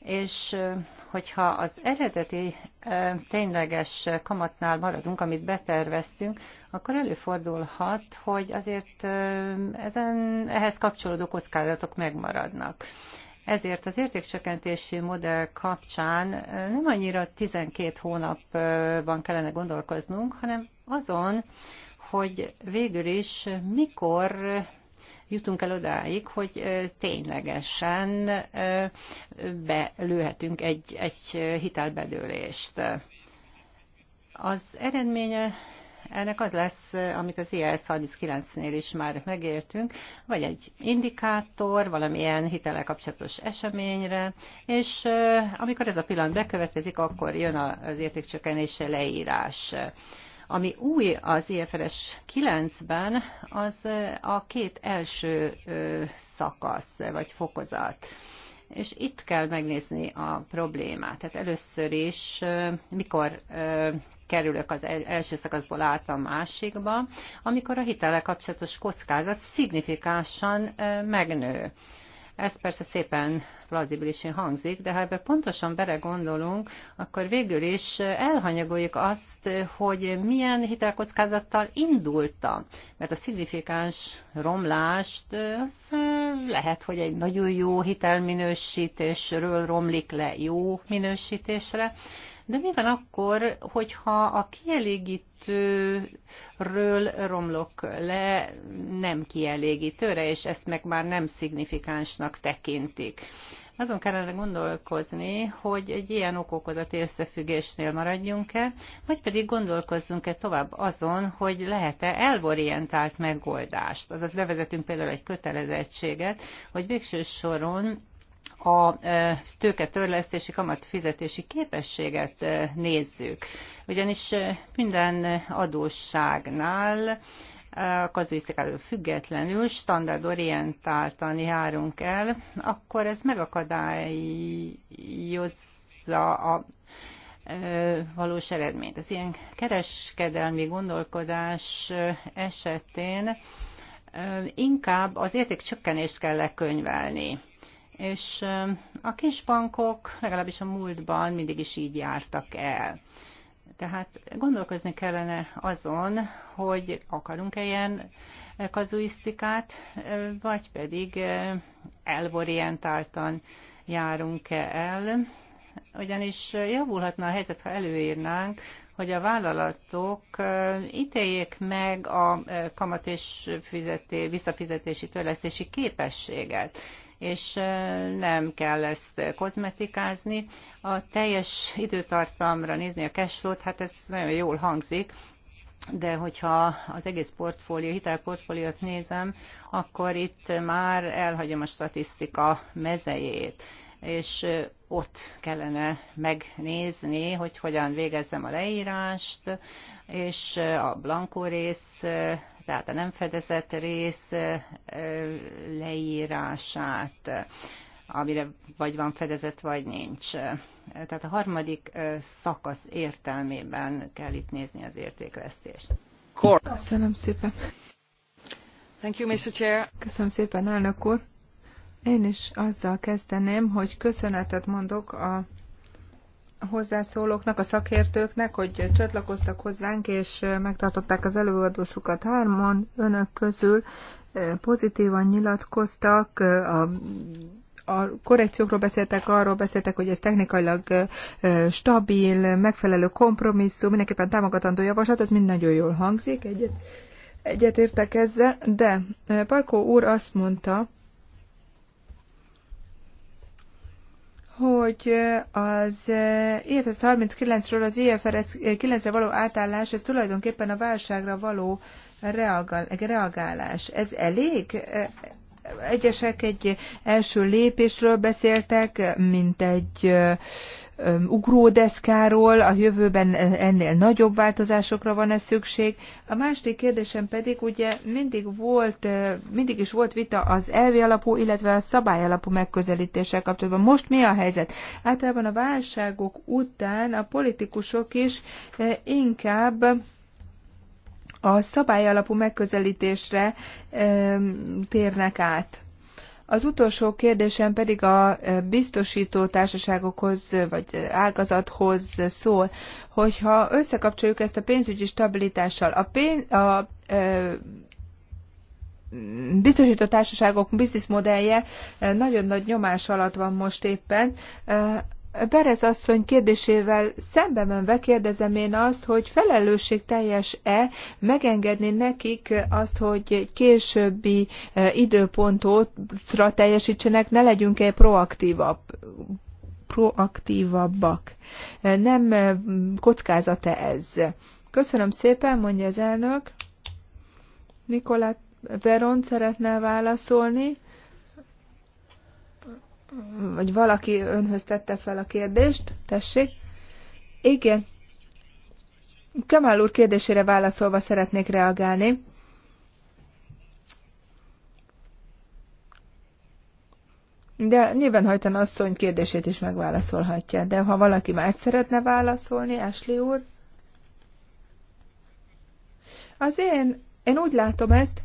C: és eh, hogyha az eredeti eh, tényleges kamatnál maradunk, amit beterveztünk, akkor előfordulhat, hogy azért ezen, ehhez kapcsolódó kockázatok megmaradnak. Ezért az értékcsökkentési modell kapcsán nem annyira 12 hónapban kellene gondolkoznunk, hanem azon, hogy végül is mikor jutunk el odáig, hogy ténylegesen belőhetünk egy, egy hitelbedőlést. Az eredménye ennek az lesz, amit az IS 39-nél is már megértünk, vagy egy indikátor valamilyen hitele kapcsolatos eseményre, és amikor ez a pillanat bekövetkezik, akkor jön az értékcsökkenése leírás. Ami új az IFRS 9-ben, az a két első szakasz vagy fokozat. És itt kell megnézni a problémát. Tehát először is, mikor kerülök az első szakaszból át a másikba, amikor a hitele kapcsolatos kockázat szignifikánsan megnő. Ez persze szépen plazibilisén hangzik, de ha ebbe pontosan belegondolunk, akkor végül is elhanyagoljuk azt, hogy milyen hitelkockázattal indulta, Mert a szignifikáns romlást az lehet, hogy egy nagyon jó hitelminősítésről romlik le jó minősítésre, de mi van akkor, hogyha a kielégítőről romlok le nem kielégítőre, és ezt meg már nem szignifikánsnak tekintik? Azon kellene gondolkozni, hogy egy ilyen okokozati összefüggésnél maradjunk-e, vagy pedig gondolkozzunk-e tovább azon, hogy lehet-e elvorientált megoldást. Azaz levezetünk például egy kötelezettséget, hogy végső soron a törlesztési kamat fizetési képességet nézzük. Ugyanis minden adósságnál a kazuisztikától függetlenül standardorientáltan járunk el, akkor ez megakadályozza a valós eredményt. Az ilyen kereskedelmi gondolkodás esetén inkább az értékcsökkenést kell lekönyvelni és a kisbankok legalábbis a múltban mindig is így jártak el. Tehát gondolkozni kellene azon, hogy akarunk-e ilyen kazuisztikát, vagy pedig elvorientáltan járunk-e el, ugyanis javulhatna a helyzet, ha előírnánk, hogy a vállalatok ítéljék meg a kamat és fizeté, visszafizetési törlesztési képességet, és nem kell ezt kozmetikázni. A teljes időtartamra nézni a cashflow-t, hát ez nagyon jól hangzik, de hogyha az egész portfólió, hitelportfóliót nézem, akkor itt már elhagyom a statisztika mezejét és ott kellene megnézni, hogy hogyan végezzem a leírást, és a blankó rész, tehát a nem fedezett rész leírását amire vagy van fedezet, vagy nincs. Tehát a harmadik szakasz értelmében kell itt nézni az értékvesztést.
A: Köszönöm szépen.
C: Thank you, Mr. Chair.
A: Köszönöm szépen, elnök úr. Én is azzal kezdeném, hogy köszönetet mondok a hozzászólóknak, a szakértőknek, hogy csatlakoztak hozzánk, és megtartották az előadósukat hárman. Önök közül eh, pozitívan nyilatkoztak, eh, a a korrekciókról beszéltek, arról beszéltek, hogy ez technikailag eh, stabil, megfelelő kompromisszum, mindenképpen támogatandó javaslat, ez mind nagyon jól hangzik, egyet, értek ezzel, de Parkó úr azt mondta, hogy az IFS 39-ről az IFRS 9-re való átállás, ez tulajdonképpen a válságra való reagálás. Ez elég? Egyesek egy első lépésről beszéltek, mint egy ugródeszkáról, a jövőben ennél nagyobb változásokra van-e szükség. A második kérdésem pedig ugye mindig volt, mindig is volt vita az elvi alapú, illetve a szabály alapú megközelítéssel kapcsolatban. Most mi a helyzet? Általában a válságok után a politikusok is inkább a szabály alapú megközelítésre térnek át. Az utolsó kérdésem pedig a e, biztosító társaságokhoz vagy ágazathoz szól, hogyha összekapcsoljuk ezt a pénzügyi stabilitással, a, pénz, a ö, e, biztosító társaságok bizniszmodellje e, nagyon nagy nyomás alatt van most éppen. Perez asszony kérdésével szembe menve kérdezem én azt, hogy felelősség teljes e megengedni nekik azt, hogy egy későbbi e, időpontotra teljesítsenek, ne legyünk-e proaktívabb, proaktívabbak. E, nem e, kockázata ez. Köszönöm szépen, mondja az elnök. Nikolát Veron szeretne válaszolni vagy valaki önhöz tette fel a kérdést, tessék. Igen. Kemal úr kérdésére válaszolva szeretnék reagálni. De hajtan asszony kérdését is megválaszolhatja. De ha valaki más szeretne válaszolni, Ashley úr? Az én, én úgy látom ezt,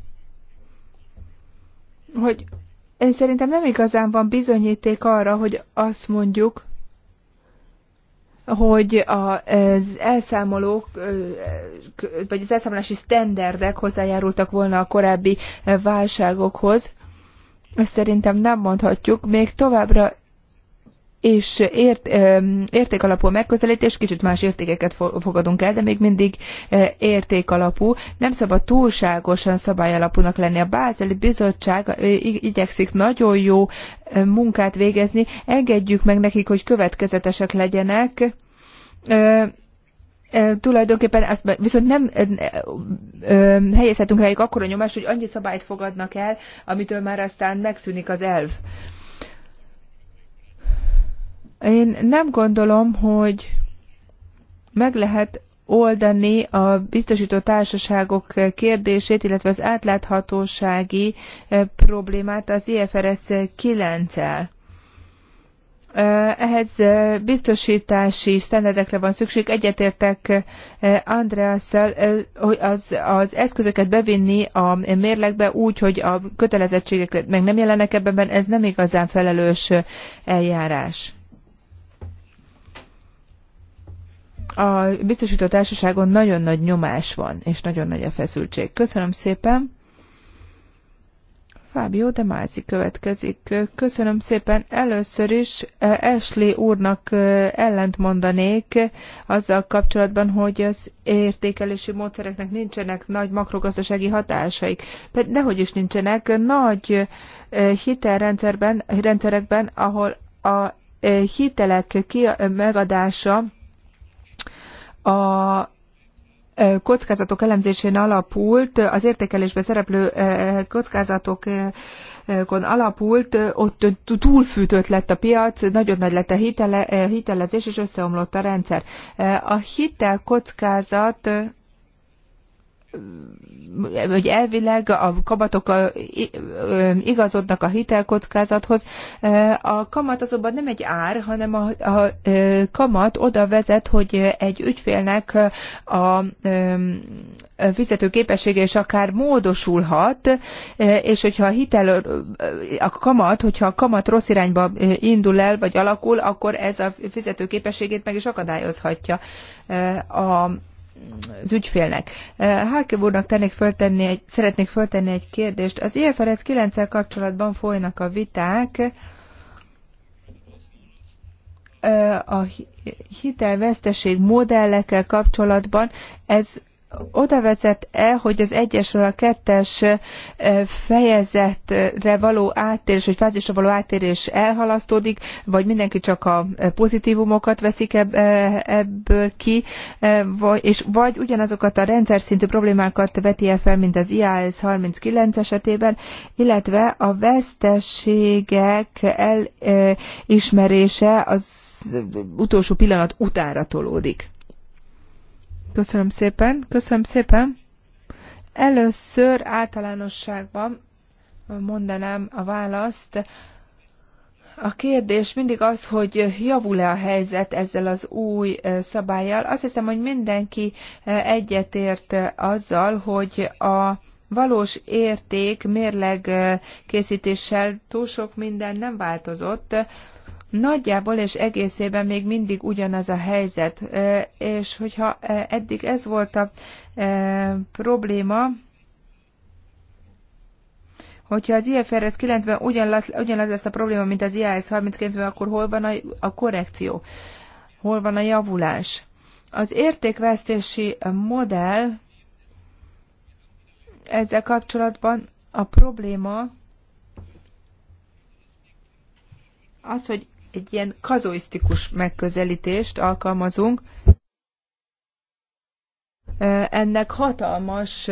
A: hogy én szerintem nem igazán van bizonyíték arra, hogy azt mondjuk, hogy az elszámolók, vagy az elszámolási sztenderdek hozzájárultak volna a korábbi válságokhoz. Ezt szerintem nem mondhatjuk. Még továbbra és ért, értékalapú megközelítés, kicsit más értékeket fogadunk el, de még mindig e, értékalapú. Nem szabad túlságosan szabályalapúnak lenni. A Bázeli Bizottság e, igyekszik nagyon jó e, munkát végezni. Engedjük meg nekik, hogy következetesek legyenek tulajdonképpen azt viszont nem helyezhetünk rájuk akkora nyomást, hogy annyi szabályt fogadnak el, amitől már aztán megszűnik az elv. Én nem gondolom, hogy meg lehet oldani a biztosító társaságok kérdését, illetve az átláthatósági eh, problémát az IFRS 9-el. Eh, ehhez eh, biztosítási standardekre van szükség. Egyetértek Andreasszel, hogy az, az eszközöket bevinni a mérlegbe úgy, hogy a kötelezettségek meg nem jelennek ebben, ez nem igazán felelős eljárás. a biztosító társaságon nagyon nagy nyomás van, és nagyon nagy a feszültség. Köszönöm szépen! Fábio de Mázi következik. Köszönöm szépen. Először is eh, Ashley úrnak eh, ellent mondanék azzal kapcsolatban, hogy az értékelési módszereknek nincsenek nagy makrogazdasági hatásaik. Nehogy is nincsenek. Nagy eh, hitelrendszerben, rendszerekben, ahol a hitelek megadása a kockázatok elemzésén alapult, az értékelésben szereplő kockázatokon alapult, ott túlfűtött lett a piac, nagyon nagy lett a hitele, hitelezés, és összeomlott a rendszer. A hitel kockázat hogy elvileg a kamatok igazodnak a hitelkockázathoz. A kamat azonban nem egy ár, hanem a, a kamat oda vezet, hogy egy ügyfélnek a fizetőképessége is akár módosulhat, és hogyha a hitel, a kamat, hogyha a kamat rossz irányba indul el, vagy alakul, akkor ez a fizetőképességét meg is akadályozhatja. A az ügyfélnek. Eh, Harkiv úrnak tennék föltenni egy, szeretnék föltenni egy kérdést. Az IFRS 9 el kapcsolatban folynak a viták. Eh, a hitelveszteség modellekkel kapcsolatban ez oda vezet-e, hogy az egyesről a kettes fejezetre való áttérés, vagy fázisra való áttérés elhalasztódik, vagy mindenki csak a pozitívumokat veszik ebből ki, és vagy ugyanazokat a rendszer szintű problémákat veti -e fel, mint az IAS 39 esetében, illetve a veszteségek elismerése az utolsó pillanat utánra tolódik. Köszönöm szépen, köszönöm szépen. Először általánosságban mondanám a választ. A kérdés mindig az, hogy javul-e a helyzet ezzel az új szabályjal. Azt hiszem, hogy mindenki egyetért azzal, hogy a valós érték mérleg készítéssel túl sok minden nem változott. Nagyjából és egészében még mindig ugyanaz a helyzet, és hogyha eddig ez volt a probléma, hogyha az IFRS 90 ben ugyanaz, ugyanaz lesz a probléma, mint az IAS 39-ben, akkor hol van a, a korrekció? Hol van a javulás? Az értékvesztési modell ezzel kapcsolatban a probléma az, hogy egy ilyen kazoisztikus megközelítést alkalmazunk. Ennek hatalmas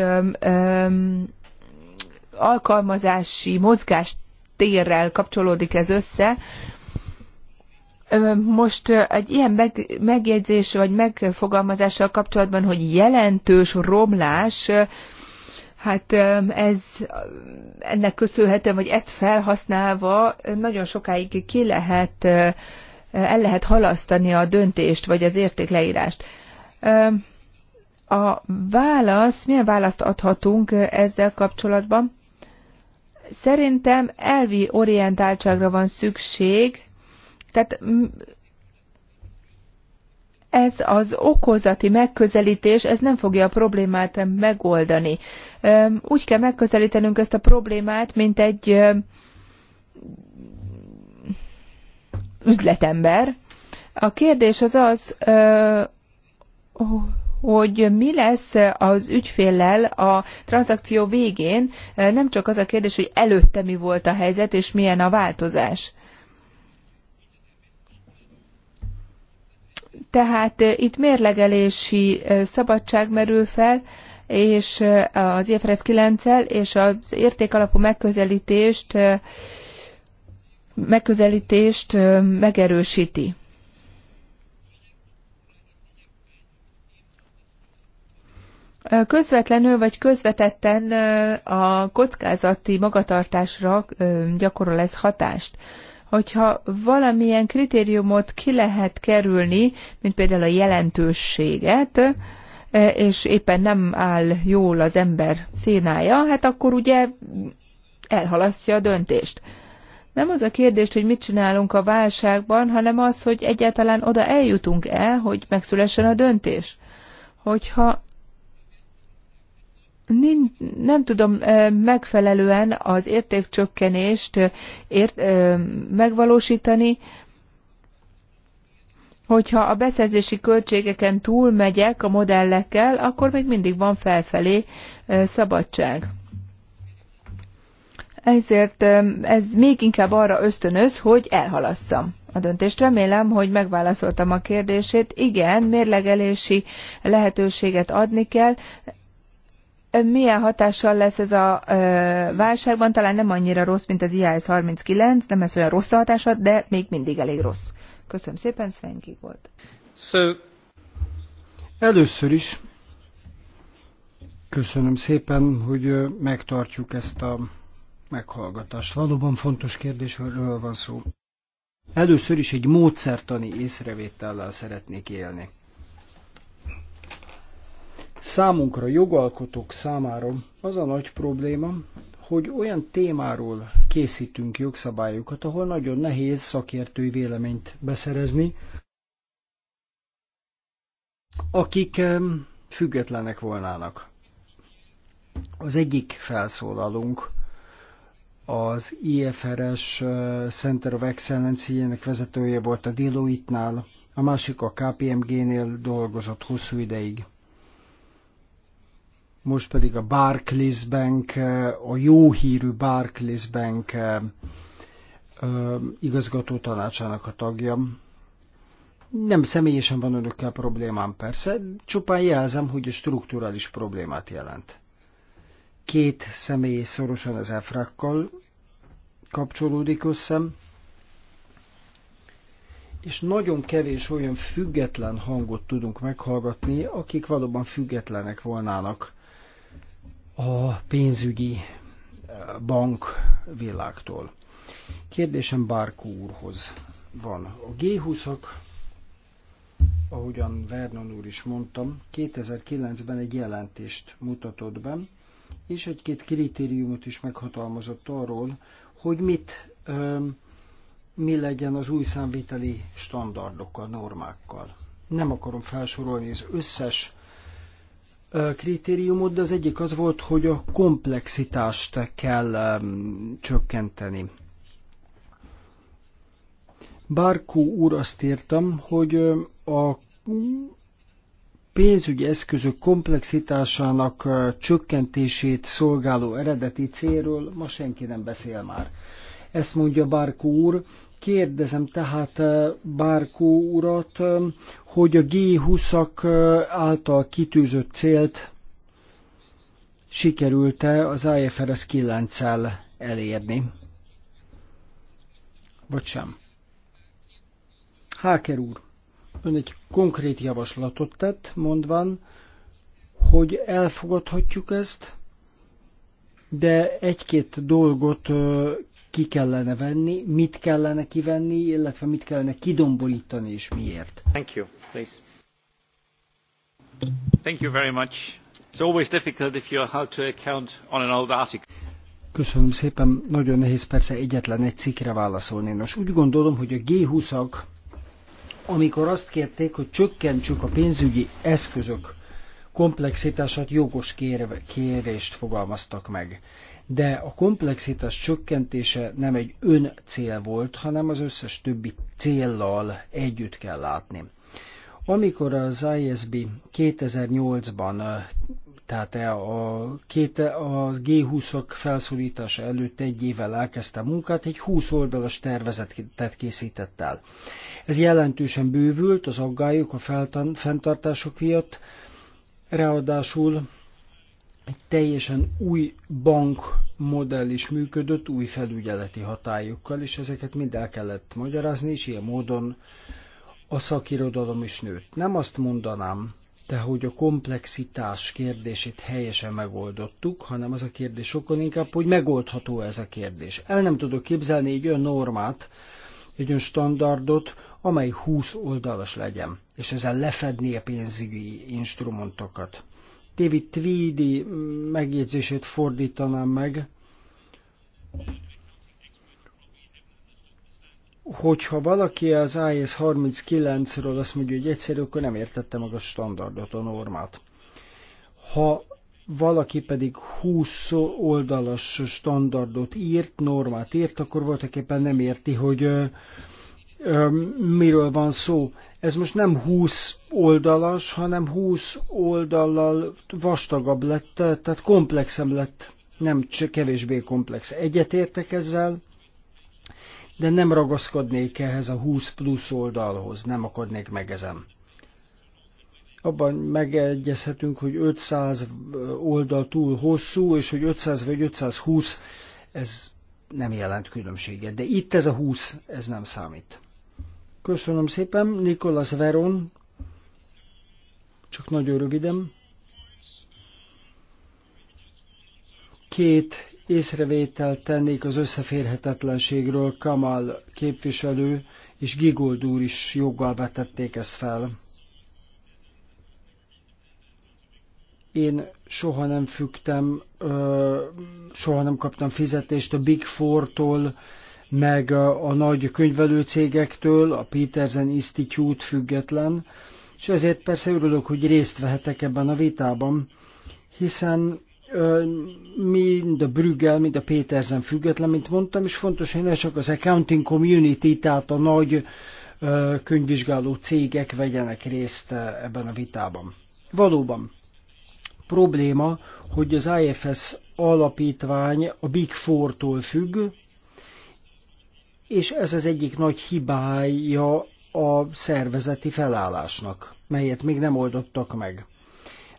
A: alkalmazási mozgástérrel kapcsolódik ez össze. Most egy ilyen meg, megjegyzés vagy megfogalmazással kapcsolatban, hogy jelentős romlás Hát ez, ennek köszönhetem, hogy ezt felhasználva nagyon sokáig ki lehet, el lehet halasztani a döntést, vagy az értékleírást. A válasz, milyen választ adhatunk ezzel kapcsolatban? Szerintem elvi orientáltságra van szükség, tehát ez az okozati megközelítés, ez nem fogja a problémát megoldani. Úgy kell megközelítenünk ezt a problémát, mint egy üzletember. A kérdés az az, hogy mi lesz az ügyféllel a tranzakció végén, nem csak az a kérdés, hogy előtte mi volt a helyzet, és milyen a változás. Tehát itt mérlegelési szabadság merül fel, és az IFRS 9-el, és az értékalapú megközelítést, megközelítést megerősíti. Közvetlenül vagy közvetetten a kockázati magatartásra gyakorol ez hatást. Hogyha valamilyen kritériumot ki lehet kerülni, mint például a jelentőséget, E, és éppen nem áll jól az ember szénája, hát akkor ugye elhalasztja a döntést. Nem az a kérdés, hogy mit csinálunk a válságban, hanem az, hogy egyáltalán oda eljutunk-e, hogy megszülessen a döntés. Hogyha nem, nem tudom e, megfelelően az értékcsökkenést ért, e, megvalósítani, hogyha a beszerzési költségeken túlmegyek a modellekkel, akkor még mindig van felfelé szabadság. Ezért ez még inkább arra ösztönöz, hogy elhalasszam a döntést. Remélem, hogy megválaszoltam a kérdését. Igen, mérlegelési lehetőséget adni kell. Milyen hatással lesz ez a ö, válságban? Talán nem annyira rossz, mint az IAS 39, nem lesz olyan rossz a hatása, de még mindig elég rossz. Köszönöm szépen, Sven volt.
B: So. Először is köszönöm szépen, hogy megtartjuk ezt a meghallgatást. Valóban fontos kérdésről van szó. Először is egy módszertani észrevétellel szeretnék élni. Számunkra, jogalkotók számára az a nagy probléma, hogy olyan témáról készítünk jogszabályokat, ahol nagyon nehéz szakértői véleményt beszerezni, akik függetlenek volnának. Az egyik felszólalunk az IFRS Center of Excellence-jének vezetője volt a Deloitte-nál, a másik a KPMG-nél dolgozott hosszú ideig most pedig a Barclays Bank, eh, a jó hírű Barclays Bank eh, eh, igazgató tanácsának a tagja. Nem személyesen van önökkel problémám persze, csupán jelzem, hogy a strukturális problémát jelent. Két személy szorosan az EFRAK-kal kapcsolódik össze, és nagyon kevés olyan független hangot tudunk meghallgatni, akik valóban függetlenek volnának a pénzügyi eh, bank világtól. Kérdésem Bárkó úrhoz van. A G20-ak, ahogyan Vernon úr is mondtam, 2009-ben egy jelentést mutatott be, és egy-két kritériumot is meghatalmazott arról, hogy mit, eh, mi legyen az új számviteli standardokkal, normákkal. Nem akarom felsorolni az összes kritériumot, de az egyik az volt, hogy a komplexitást kell csökkenteni. Bárkó úr azt írtam, hogy a pénzügyi eszközök komplexitásának csökkentését szolgáló eredeti célról ma senki nem beszél már. Ezt mondja Bárkó úr, Kérdezem tehát eh, Bárkó urat, eh, hogy a G20-ak eh, által kitűzött célt sikerült-e az IFRS 9 elérni, vagy sem. Háker úr, ön egy konkrét javaslatot tett, mondván, hogy elfogadhatjuk ezt, de egy-két dolgot ki kellene venni, mit kellene kivenni, illetve mit kellene kidombolítani és miért. Thank you. Please.
A: Thank you very much. It's always difficult if you are how to account on an old article.
B: Köszönöm szépen. Nagyon nehéz persze egyetlen egy cikkre válaszolni. Nos, úgy gondolom, hogy a G20-ak, amikor azt kérték, hogy csökkentsük a pénzügyi eszközök komplexitását, jogos kérvést fogalmaztak meg de a komplexitás csökkentése nem egy ön cél volt, hanem az összes többi céllal együtt kell látni. Amikor az ISB 2008-ban, tehát e a, két, a G20-ok felszólítása előtt egy évvel elkezdte a munkát, egy 20 oldalas tervezetet készített el. Ez jelentősen bővült az aggályok, a fenntartások miatt, ráadásul egy teljesen új bankmodell is működött, új felügyeleti hatályokkal, és ezeket mind el kellett magyarázni, és ilyen módon a szakirodalom is nőtt. Nem azt mondanám, de hogy a komplexitás kérdését helyesen megoldottuk, hanem az a kérdés sokkal inkább, hogy megoldható ez a kérdés. El nem tudok képzelni egy olyan normát, egy olyan standardot, amely 20 oldalas legyen, és ezzel lefedni a pénzügyi instrumentokat. David Tweedy megjegyzését fordítanám meg, hogyha valaki az IS 39-ről azt mondja, hogy egyszerű, akkor nem értette meg a standardot, a normát. Ha valaki pedig 20 oldalas standardot írt, normát írt, akkor voltak éppen nem érti, hogy miről van szó. Ez most nem 20 oldalas, hanem 20 oldallal vastagabb lett, tehát komplexem lett, nem kevésbé komplex. Egyetértek ezzel, de nem ragaszkodnék ehhez a 20 plusz oldalhoz, nem akadnék meg ezen. Abban megegyezhetünk, hogy 500 oldal túl hosszú, és hogy 500 vagy 520, ez nem jelent különbséget. De itt ez a 20, ez nem számít. Köszönöm szépen, Nikolas Veron, csak nagyon röviden. Két észrevételt tennék az összeférhetetlenségről, Kamal képviselő és Gigold úr is joggal vetették ezt fel. Én soha nem fügtem, soha nem kaptam fizetést a Big Four-tól, meg a nagy könyvelő cégektől, a Petersen Institute független, és ezért persze örülök, hogy részt vehetek ebben a vitában, hiszen mind a Brüggel, mind a Petersen független, mint mondtam, és fontos, hogy ne csak az accounting community, tehát a nagy könyvvizsgáló cégek vegyenek részt ebben a vitában. Valóban probléma, hogy az IFS alapítvány a Big Four-tól függ, és ez az egyik nagy hibája a szervezeti felállásnak, melyet még nem oldottak meg.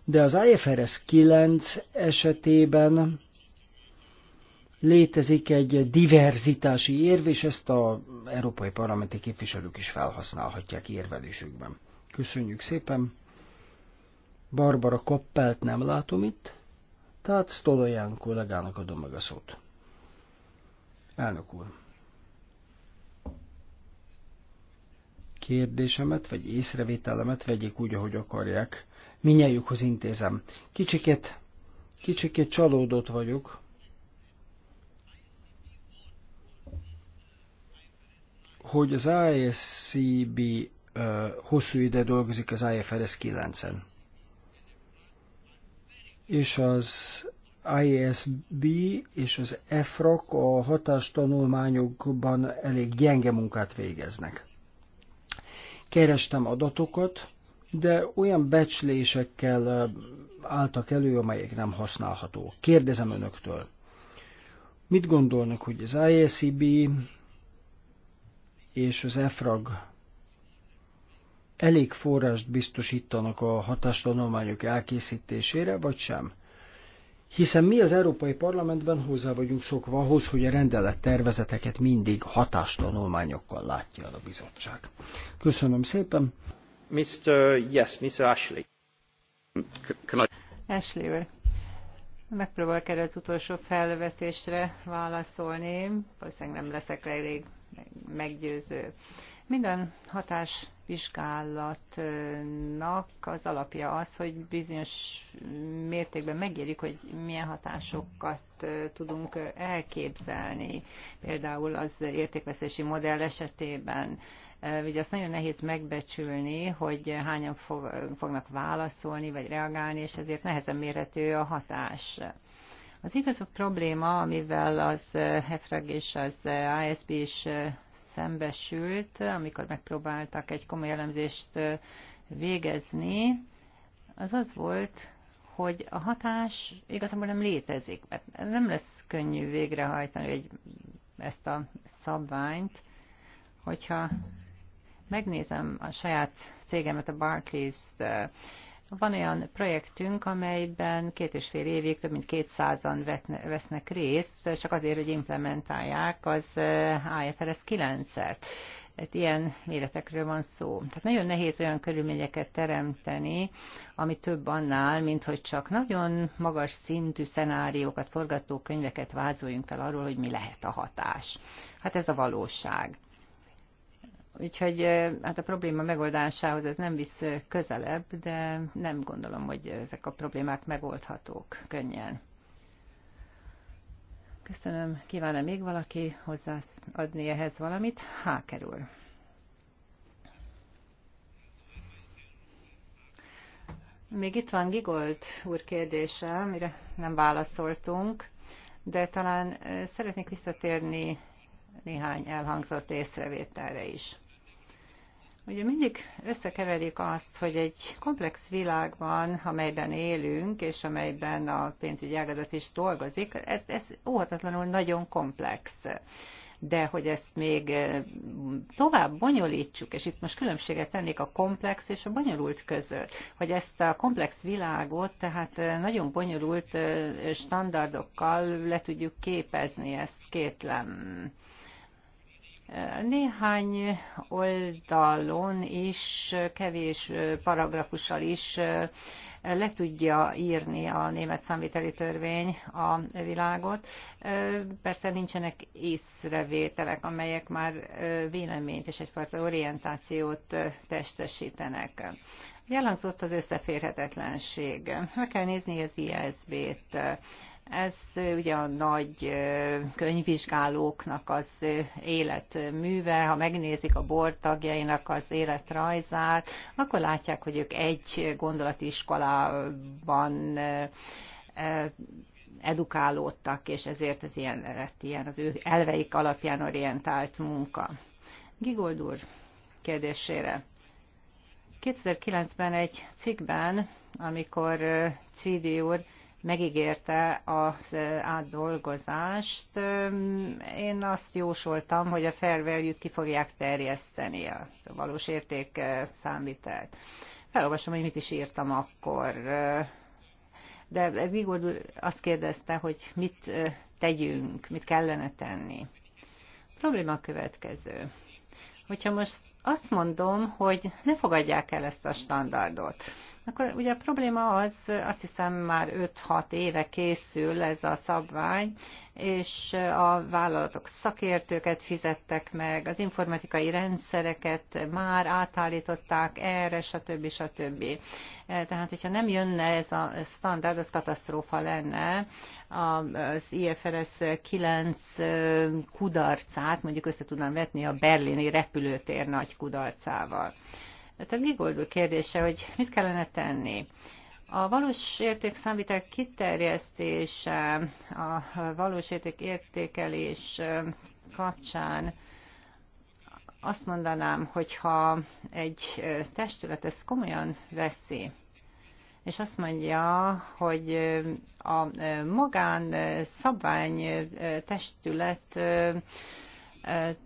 B: De az IFRS 9 esetében létezik egy diverzitási érv, és ezt az európai parlamenti képviselők is felhasználhatják érvelésükben. Köszönjük szépen! Barbara Koppelt nem látom itt, tehát Stoloján kollégának adom meg a szót. Elnök úr! kérdésemet, vagy észrevételemet vegyék úgy, ahogy akarják. Minnyájukhoz intézem. Kicsikét, kicsikét csalódott vagyok. hogy az ISCB uh, hosszú ide dolgozik az IFRS 9-en. És az ISB és az EFRAK a hatástanulmányokban elég gyenge munkát végeznek kerestem adatokat, de olyan becslésekkel álltak elő, amelyek nem használhatók. Kérdezem önöktől, mit gondolnak, hogy az ISCB és az EFRAG elég forrást biztosítanak a hatástanulmányok elkészítésére, vagy sem? hiszen mi az Európai Parlamentben hozzá vagyunk szokva ahhoz, hogy a rendelet tervezeteket mindig hatástanulmányokkal látja el a bizottság. Köszönöm szépen. Mr. Yes, Mr. Ashley. Can I...
C: Ashley úr. Megpróbálok erre az utolsó felvetésre válaszolni, valószínűleg nem leszek elég meggyőző. Minden hatás vizsgálatnak az alapja az, hogy bizonyos mértékben megérjük, hogy milyen hatásokat tudunk elképzelni. Például az értékveszési modell esetében Ugye azt nagyon nehéz megbecsülni, hogy hányan fognak válaszolni vagy reagálni, és ezért nehezen mérhető a hatás. Az igazi probléma, amivel az EFrag és az ASB is szembesült, amikor megpróbáltak egy komoly elemzést végezni, az az volt, hogy a hatás igazából nem létezik, mert nem lesz könnyű végrehajtani egy, ezt a szabványt, hogyha megnézem a saját cégemet, a Barclays-t, van olyan projektünk, amelyben két és fél évig több mint kétszázan vesznek részt, csak azért, hogy implementálják az eh, IFRS 9-et. Tehát ilyen méretekről van szó. Tehát nagyon nehéz olyan körülményeket teremteni, ami több annál, mint hogy csak nagyon magas szintű szenáriókat, forgatókönyveket vázoljunk fel arról, hogy mi lehet a hatás. Hát ez a valóság. Úgyhogy hát a probléma megoldásához ez nem visz közelebb, de nem gondolom, hogy ezek a problémák megoldhatók könnyen. Köszönöm. Kíván-e még valaki hozzáadni ehhez valamit? Háker úr. Még itt van Gigolt úr kérdése, amire nem válaszoltunk, de talán szeretnék visszatérni néhány elhangzott észrevételre is. Ugye mindig összekeverik azt, hogy egy komplex világban, amelyben élünk, és amelyben a pénzügyi ágazat is dolgozik, ez, ez óhatatlanul nagyon komplex. De hogy ezt még eh, tovább bonyolítsuk, és itt most különbséget tennék a komplex és a bonyolult között, hogy ezt a komplex világot, tehát eh, nagyon bonyolult eh, standardokkal le tudjuk képezni, ezt kétlem néhány oldalon is, kevés paragrafussal is le tudja írni a német számviteli törvény a világot. Persze nincsenek észrevételek, amelyek már véleményt és egyfajta orientációt testesítenek. Jelangzott az összeférhetetlenség. Meg kell nézni az ISB-t ez ugye a nagy könyvvizsgálóknak az életműve, ha megnézik a bortagjainak az életrajzát, akkor látják, hogy ők egy gondolati iskolában edukálódtak, és ezért ez ilyen lett ilyen az ő elveik alapján orientált munka. Gigold úr kérdésére. 2009-ben egy cikkben, amikor Cvidi úr megígérte az átdolgozást. Én azt jósoltam, hogy a fair value-t ki fogják terjeszteni, a valós érték számvitelt. Felolvasom, hogy mit is írtam akkor. De Vigor azt kérdezte, hogy mit tegyünk, mit kellene tenni. A probléma a következő. Hogyha most azt mondom, hogy ne fogadják el ezt a standardot, akkor ugye a probléma az, azt hiszem már 5-6 éve készül ez a szabvány, és a vállalatok szakértőket fizettek meg, az informatikai rendszereket már átállították erre, stb. stb. E, tehát, hogyha nem jönne ez a standard, az katasztrófa lenne. Az IFRS 9 e, kudarcát mondjuk össze tudnám vetni a berlini repülőtér nagy kudarcával. Tehát Gigoldó kérdése, hogy mit kellene tenni. A valós értékszámvitel kiterjesztése, a valós érték értékelés kapcsán azt mondanám, hogyha egy testület ezt komolyan veszi, és azt mondja, hogy a magán szabvány testület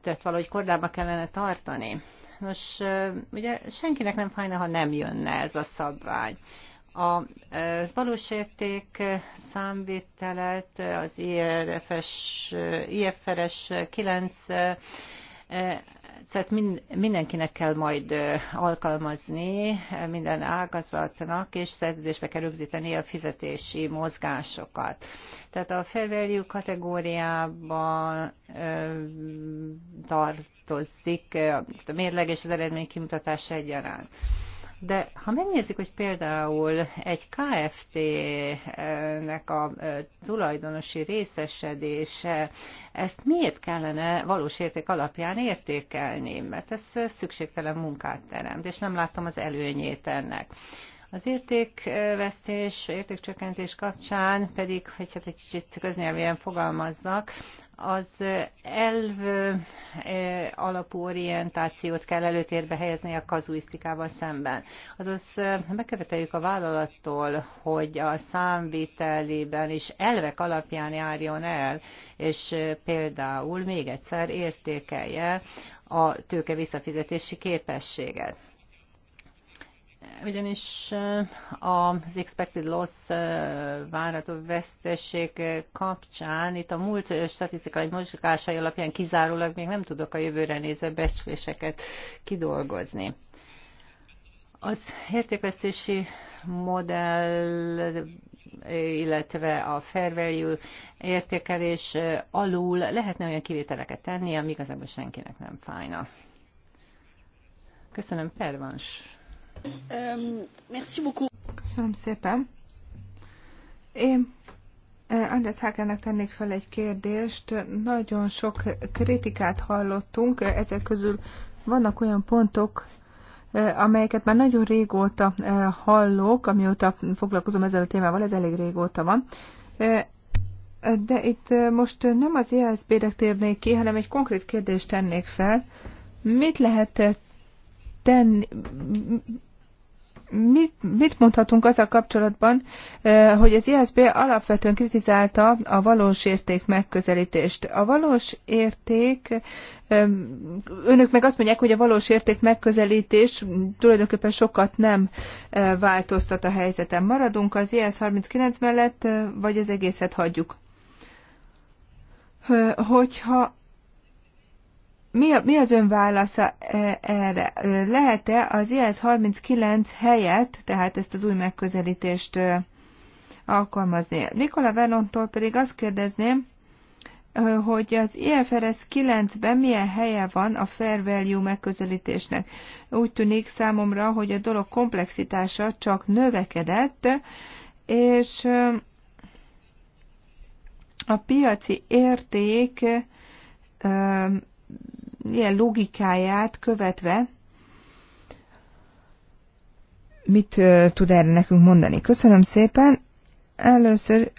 C: tehát valahogy kordába kellene tartani. Most ugye senkinek nem fájna, ha nem jönne ez a szabvány. A érték számvételet, az IFRS 9 tehát mind, mindenkinek kell majd alkalmazni, minden ágazatnak, és szerződésbe kell rögzíteni a fizetési mozgásokat. Tehát a fair value kategóriában tartozik a mérleg és az eredmény kimutatása egyaránt. De ha megnézzük, hogy például egy KFT-nek a tulajdonosi részesedése, ezt miért kellene valós érték alapján értékelni? Mert ez szükségtelen munkát teremt, és nem látom az előnyét ennek. Az értékvesztés, értékcsökkentés kapcsán pedig, hogyha hát egy kicsit köznyelvűen fogalmazzak, az elv alapú orientációt kell előtérbe helyezni a kazuisztikával szemben. Azaz megköveteljük a vállalattól, hogy a számvitelében is elvek alapján járjon el, és például még egyszer értékelje a tőke visszafizetési képességet ugyanis eh, az expected loss eh, várható veszteség eh, kapcsán itt a múlt statisztikai mozgásai alapján kizárólag még nem tudok a jövőre nézve becsléseket kidolgozni. Az értékvesztési modell, illetve a fair value értékelés alul lehetne olyan kivételeket tenni, amik igazából senkinek nem fájna. Köszönöm, Pervans
A: Ehm, Köszönöm szépen. Én eh, Anders Hákennek tennék fel egy kérdést. Nagyon sok kritikát hallottunk, ezek közül vannak olyan pontok, eh, amelyeket már nagyon régóta eh, hallok, amióta foglalkozom ezzel a témával, ez elég régóta van. De itt most nem az ISB-re e térnék ki, hanem egy konkrét kérdést tennék fel. Mit lehet tenni, mit, mit mondhatunk az a kapcsolatban, hogy az ISB alapvetően kritizálta a valós érték megközelítést. A valós érték, önök meg azt mondják, hogy a valós érték megközelítés tulajdonképpen sokat nem változtat a helyzeten. Maradunk az IS 39 mellett, vagy az egészet hagyjuk? Hogyha mi, a, mi az ön válasza e, erre? Lehet-e az IS 39 helyett, tehát ezt az új megközelítést alkalmazni? Nikola Verlontól pedig azt kérdezném, hogy az IFRS 9-ben milyen helye van a fair value megközelítésnek. Úgy tűnik számomra, hogy a dolog komplexitása csak növekedett, és a piaci érték ilyen logikáját követve, mit tud erre nekünk mondani. Köszönöm szépen. Először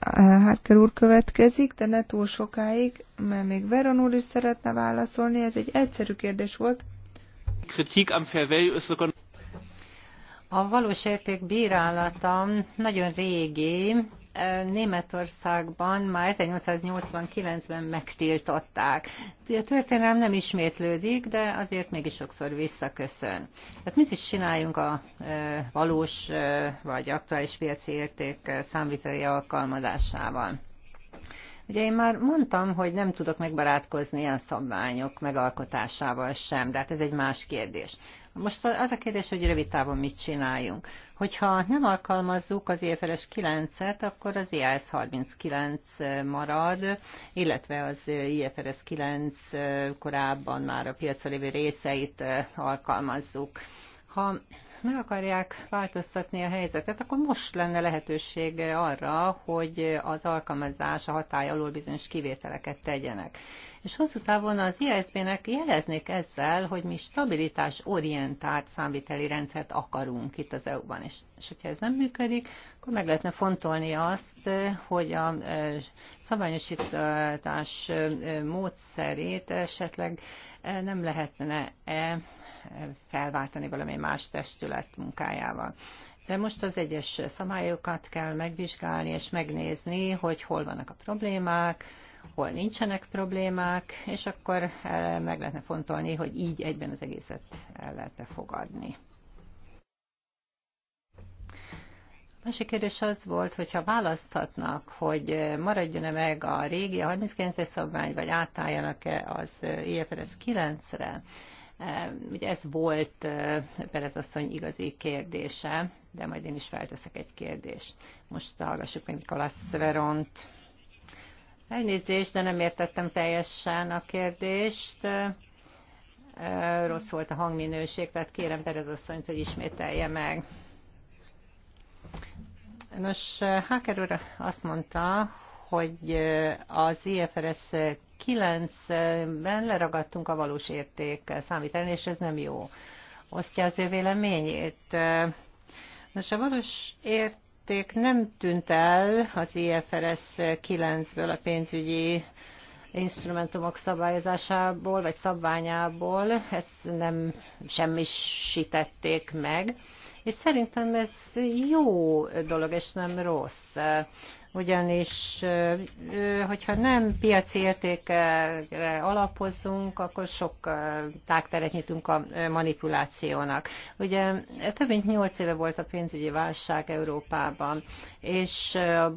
A: Harker úr következik, de ne túl sokáig, mert még Veron úr is szeretne válaszolni. Ez egy egyszerű
C: kérdés volt. Kritik am a valós érték bírálata nagyon régi, Németországban már 1889-ben megtiltották. A történelem nem ismétlődik, de azért mégis sokszor visszaköszön. Tehát mit is csináljunk a e, valós e, vagy aktuális piaci érték e, számviteli alkalmazásával? Ugye én már mondtam, hogy nem tudok megbarátkozni ilyen szabványok megalkotásával sem, de hát ez egy más kérdés. Most az a kérdés, hogy rövid távon mit csináljunk. Hogyha nem alkalmazzuk az IFRS 9-et, akkor az IAS 39 marad, illetve az IFRS 9 korábban már a piacra lévő részeit alkalmazzuk ha meg akarják változtatni a helyzetet, akkor most lenne lehetőség arra, hogy az alkalmazás a hatály alól bizonyos kivételeket tegyenek. És hosszú távon az ISB-nek jeleznék ezzel, hogy mi stabilitás orientált számviteli rendszert akarunk itt az EU-ban. És, és hogyha ez nem működik, akkor meg lehetne fontolni azt, hogy a e, szabályosítás e, módszerét esetleg e, nem lehetne-e felváltani valami más testület munkájával. De most az egyes szabályokat kell megvizsgálni és megnézni, hogy hol vannak a problémák, hol nincsenek problémák, és akkor eh, meg lehetne fontolni, hogy így egyben az egészet el lehet-e fogadni. Másik kérdés az volt, hogyha választhatnak, hogy maradjon-e meg a régi, a 39-es szabvány, vagy átálljanak-e az IFRS 9-re, Ugye ez volt Perez asszony igazi kérdése, de majd én is felteszek egy kérdést. Most hallgassuk meg Nikolász Veront. Elnézést, de nem értettem teljesen a kérdést. Rossz volt a hangminőség, tehát kérem Perez asszonyt, hogy ismételje meg. Nos, Háker úr azt mondta, hogy az IFRS 2009-ben leragadtunk a valós érték számítani, és ez nem jó. Osztja az ő véleményét. Nos, a valós érték nem tűnt el az IFRS 9-ből a pénzügyi instrumentumok szabályozásából, vagy szabványából, ezt nem semmisítették meg. És szerintem ez jó dolog, és nem rossz ugyanis hogyha nem piaci értékre alapozunk, akkor sok tágteret nyitunk a manipulációnak. Ugye több mint nyolc éve volt a pénzügyi válság Európában, és a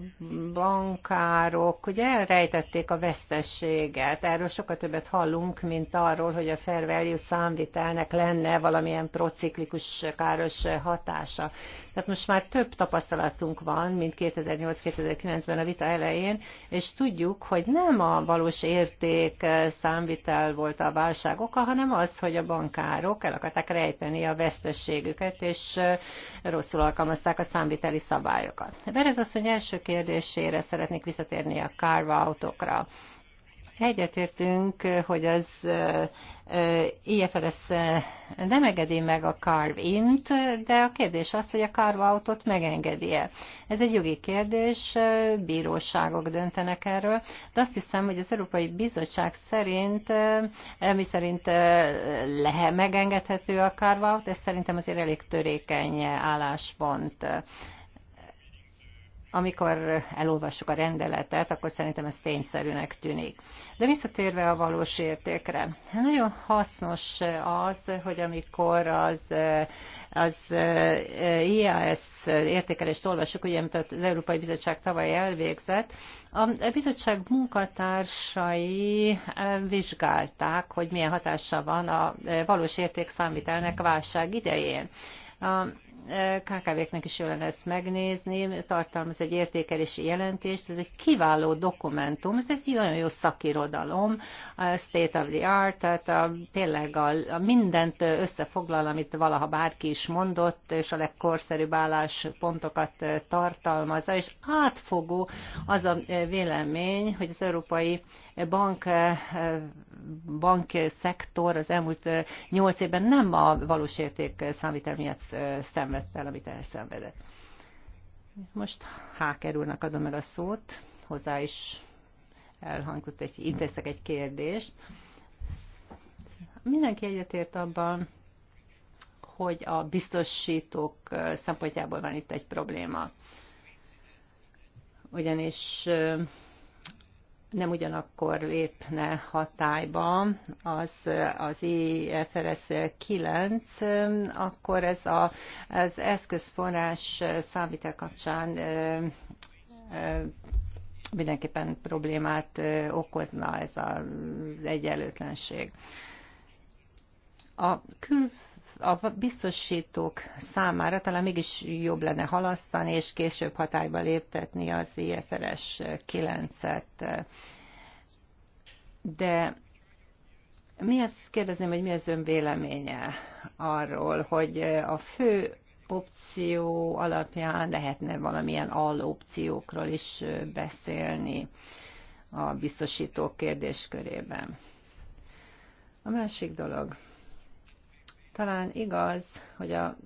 C: bankárok ugye elrejtették a vesztességet. Erről sokkal többet hallunk, mint arról, hogy a fair value számvitelnek lenne valamilyen prociklikus káros hatása. Tehát most már több tapasztalatunk van, mint 2008-2009 1999 ben a vita elején, és tudjuk, hogy nem a valós érték eh, számvitel volt a válság oka, hanem az, hogy a bankárok el akarták rejteni a vesztességüket, és eh, rosszul alkalmazták a számviteli szabályokat. Berez asszony első kérdésére szeretnék visszatérni a carve-outokra. Egyetértünk, hogy az IFRS nem engedi meg a carve int, de a kérdés az, hogy a carve autót megengedi-e. Ez egy jogi kérdés, bíróságok döntenek erről, de azt hiszem, hogy az Európai Bizottság szerint, mi szerint lehe megengedhető a carve out, ez szerintem azért elég törékeny álláspont amikor elolvassuk a rendeletet, akkor szerintem ez tényszerűnek tűnik. De visszatérve a valós értékre, nagyon hasznos az, hogy amikor az, az eh, IAS értékelést olvassuk, ugye, amit az Európai Bizottság tavaly elvégzett, a bizottság munkatársai eh, vizsgálták, hogy milyen hatása van a eh, valós érték számítelnek válság idején. KKV-knek is jó lenne ezt megnézni, tartalmaz egy értékelési jelentést, ez egy kiváló dokumentum, ez egy nagyon jó szakirodalom, a state of the art, tehát a, tényleg a, a mindent összefoglal, amit valaha bárki is mondott, és a legkorszerűbb álláspontokat tartalmazza, és átfogó az a vélemény, hogy az európai bank, bank szektor az elmúlt nyolc évben nem a valós érték számvitel miatt szem szenvedt el, amit elszenvedett. Most Háker úrnak adom meg a szót, hozzá is elhangzott egy, intézek egy kérdést. Mindenki egyetért abban, hogy a biztosítók szempontjából van itt egy probléma. Ugyanis nem ugyanakkor lépne hatályba az, az IFRS 9, akkor ez a, az eszközforrás számvitel kapcsán mindenképpen problémát okozna ez az egyenlőtlenség. A külföldi a biztosítók számára talán mégis jobb lenne halasztani, és később hatályba léptetni az IFRS 9-et. De mi azt kérdezném, hogy mi az ön véleménye arról, hogy a fő opció alapján lehetne valamilyen alopciókról is beszélni a biztosítók kérdéskörében. A másik dolog, talán igaz, hogy a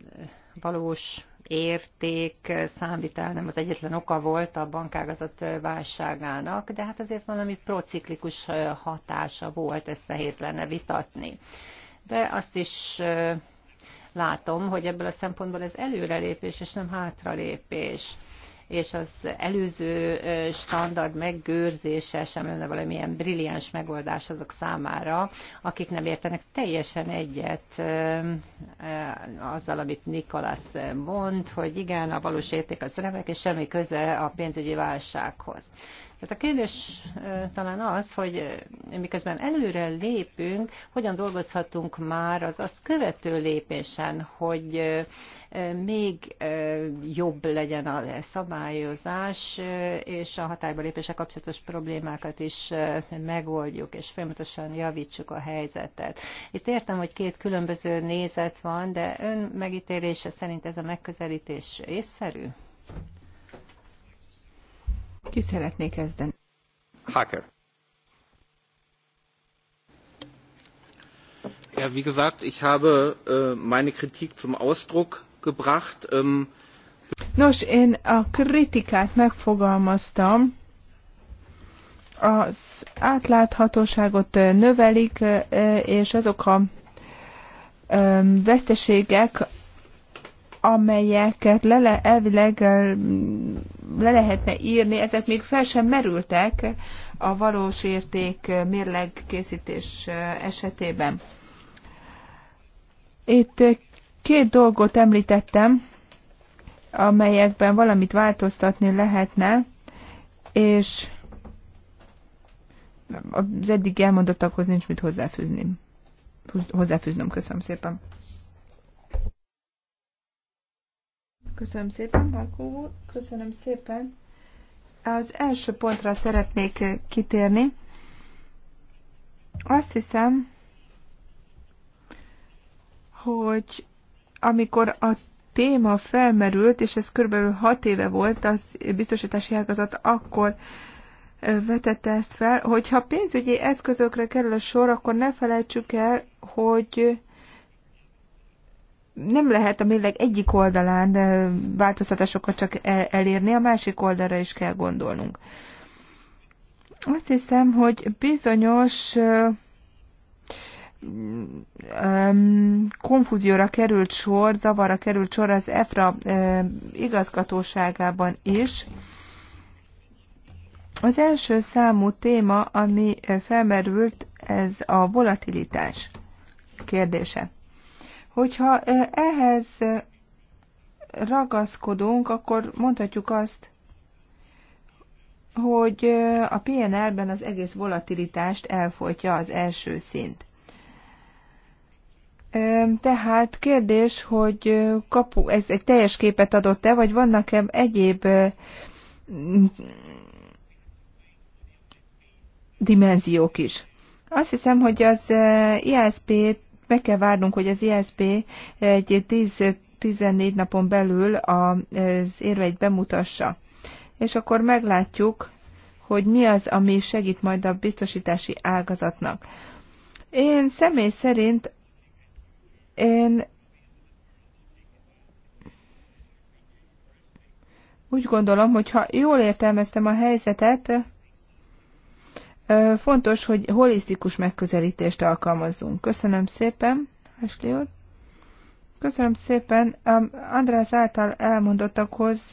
C: valós érték számvitál nem az egyetlen oka volt a bankágazat válságának, de hát azért valami prociklikus hatása volt, ezt nehéz lenne vitatni. De azt is látom, hogy ebből a szempontból ez előrelépés, és nem hátralépés és az előző standard megőrzése sem lenne valamilyen brilliáns megoldás azok számára, akik nem értenek teljesen egyet azzal, amit Nikolász mond, hogy igen, a valós érték az remek, és semmi köze a pénzügyi válsághoz. Tehát a kérdés talán az, hogy miközben előre lépünk, hogyan dolgozhatunk már az azt követő lépésen, hogy még jobb legyen a szabályozás, és a hatályba lépése kapcsolatos problémákat is megoldjuk, és folyamatosan javítsuk a helyzetet. Itt értem, hogy két különböző nézet van, de ön megítélése szerint ez a megközelítés észszerű? Ki szeretné kezdeni?
B: Hacker. Ja, wie gesagt, ich habe äh, meine Kritik zum Ausdruck gebracht. Ähm,
A: Nos, én a kritikát megfogalmaztam. Az átláthatóságot növelik, és azok a veszteségek, amelyeket le, le, elvileg le lehetne írni, ezek még fel sem merültek a valós érték mérleg készítés esetében. Itt két dolgot említettem, amelyekben valamit változtatni lehetne, és az eddig elmondottakhoz nincs mit hozzáfűzni. Hozzáfűznöm, köszönöm szépen. Köszönöm szépen, Markó úr. Köszönöm szépen. Az első pontra szeretnék eh, kitérni. Azt hiszem, hogy amikor a téma felmerült, és ez körülbelül hat éve volt, az biztosítási ágazat akkor eh, vetette ezt fel, hogyha pénzügyi eszközökre kerül a sor, akkor ne felejtsük el, hogy nem lehet a mérleg egyik oldalán változtatásokat csak elérni, a másik oldalra is kell gondolnunk. Azt hiszem, hogy bizonyos konfúzióra került sor, zavarra került sor az EFRA igazgatóságában is. Az első számú téma, ami felmerült, ez a volatilitás kérdése. Hogyha ehhez ragaszkodunk, akkor mondhatjuk azt, hogy a pnl ben az egész volatilitást elfolytja az első szint. Tehát kérdés, hogy kapu, ez egy teljes képet adott-e, vagy vannak-e egyéb dimenziók is. Azt hiszem, hogy az ISP meg kell várnunk, hogy az ISB egy 10-14 napon belül az érveit bemutassa. És akkor meglátjuk, hogy mi az, ami segít majd a biztosítási ágazatnak. Én személy szerint én úgy gondolom, hogy ha jól értelmeztem a helyzetet, Fontos, hogy holisztikus megközelítést alkalmazzunk. Köszönöm szépen, Esli úr. Köszönöm szépen. András által elmondottakhoz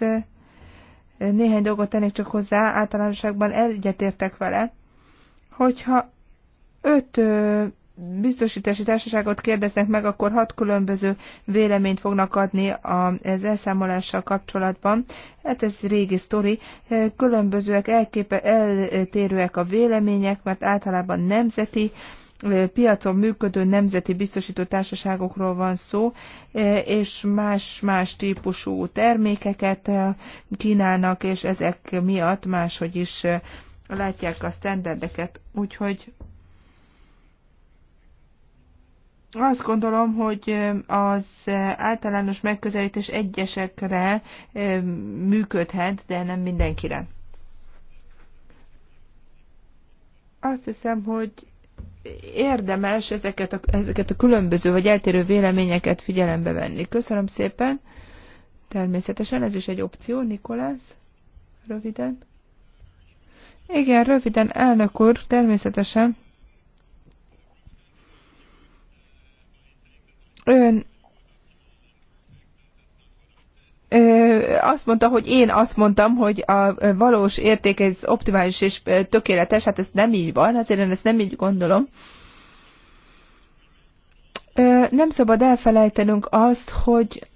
A: néhány dolgot tennék csak hozzá, általánosságban egyetértek vele, hogyha öt biztosítási társaságot kérdeznek meg, akkor hat különböző véleményt fognak adni az elszámolással kapcsolatban. Hát ez régi sztori. E, különbözőek, elképe, eltérőek a vélemények, mert általában nemzeti e, piacon működő nemzeti biztosító társaságokról van szó, e, és más-más típusú termékeket kínálnak, és ezek miatt máshogy is látják a standardeket. Úgyhogy azt gondolom, hogy az általános megközelítés egyesekre működhet, de nem mindenkire. Azt hiszem, hogy érdemes ezeket a, ezeket a különböző vagy eltérő véleményeket figyelembe venni. Köszönöm szépen. Természetesen ez is egy opció, Nikolász. Röviden. Igen, röviden, elnök úr, természetesen. ön azt mondta, hogy én azt mondtam, hogy a valós érték ez optimális és tökéletes, hát ez nem így van, azért én ezt nem így gondolom. Nem szabad elfelejtenünk azt, hogy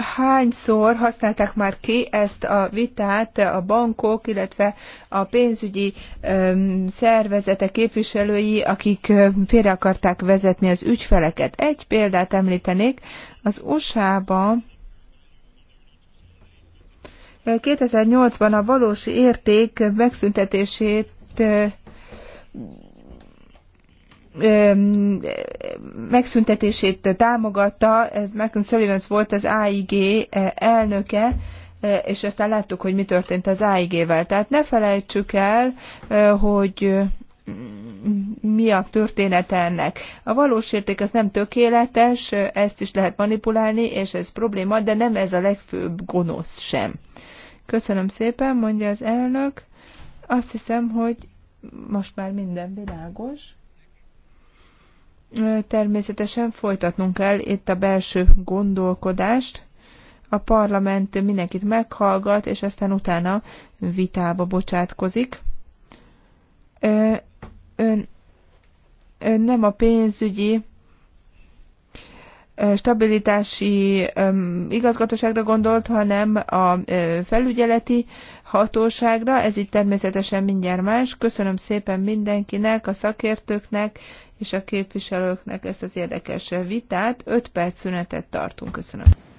A: hányszor használták már ki ezt a vitát a bankok, illetve a pénzügyi szervezetek képviselői, akik félre akarták vezetni az ügyfeleket. Egy példát említenék, az USA-ban 2008-ban a valós érték megszüntetését megszüntetését támogatta, ez Malcolm Sullivan volt az AIG eh, elnöke, eh, és aztán láttuk, hogy mi történt az AIG-vel. Tehát ne felejtsük el, eh, hogy mm, mi a története ennek. A valós érték az nem tökéletes, ezt is lehet manipulálni, és ez probléma, de nem ez a legfőbb gonosz sem. Köszönöm szépen, mondja az elnök. Azt hiszem, hogy most már minden világos. Természetesen folytatnunk kell itt a belső gondolkodást. A parlament mindenkit meghallgat, és aztán utána vitába bocsátkozik. Ön, ön nem a pénzügyi stabilitási igazgatóságra gondolt, hanem a felügyeleti hatóságra, ez így természetesen mindjárt más. Köszönöm szépen mindenkinek, a szakértőknek és a képviselőknek ezt az érdekes vitát. 5 perc szünetet tartunk. Köszönöm.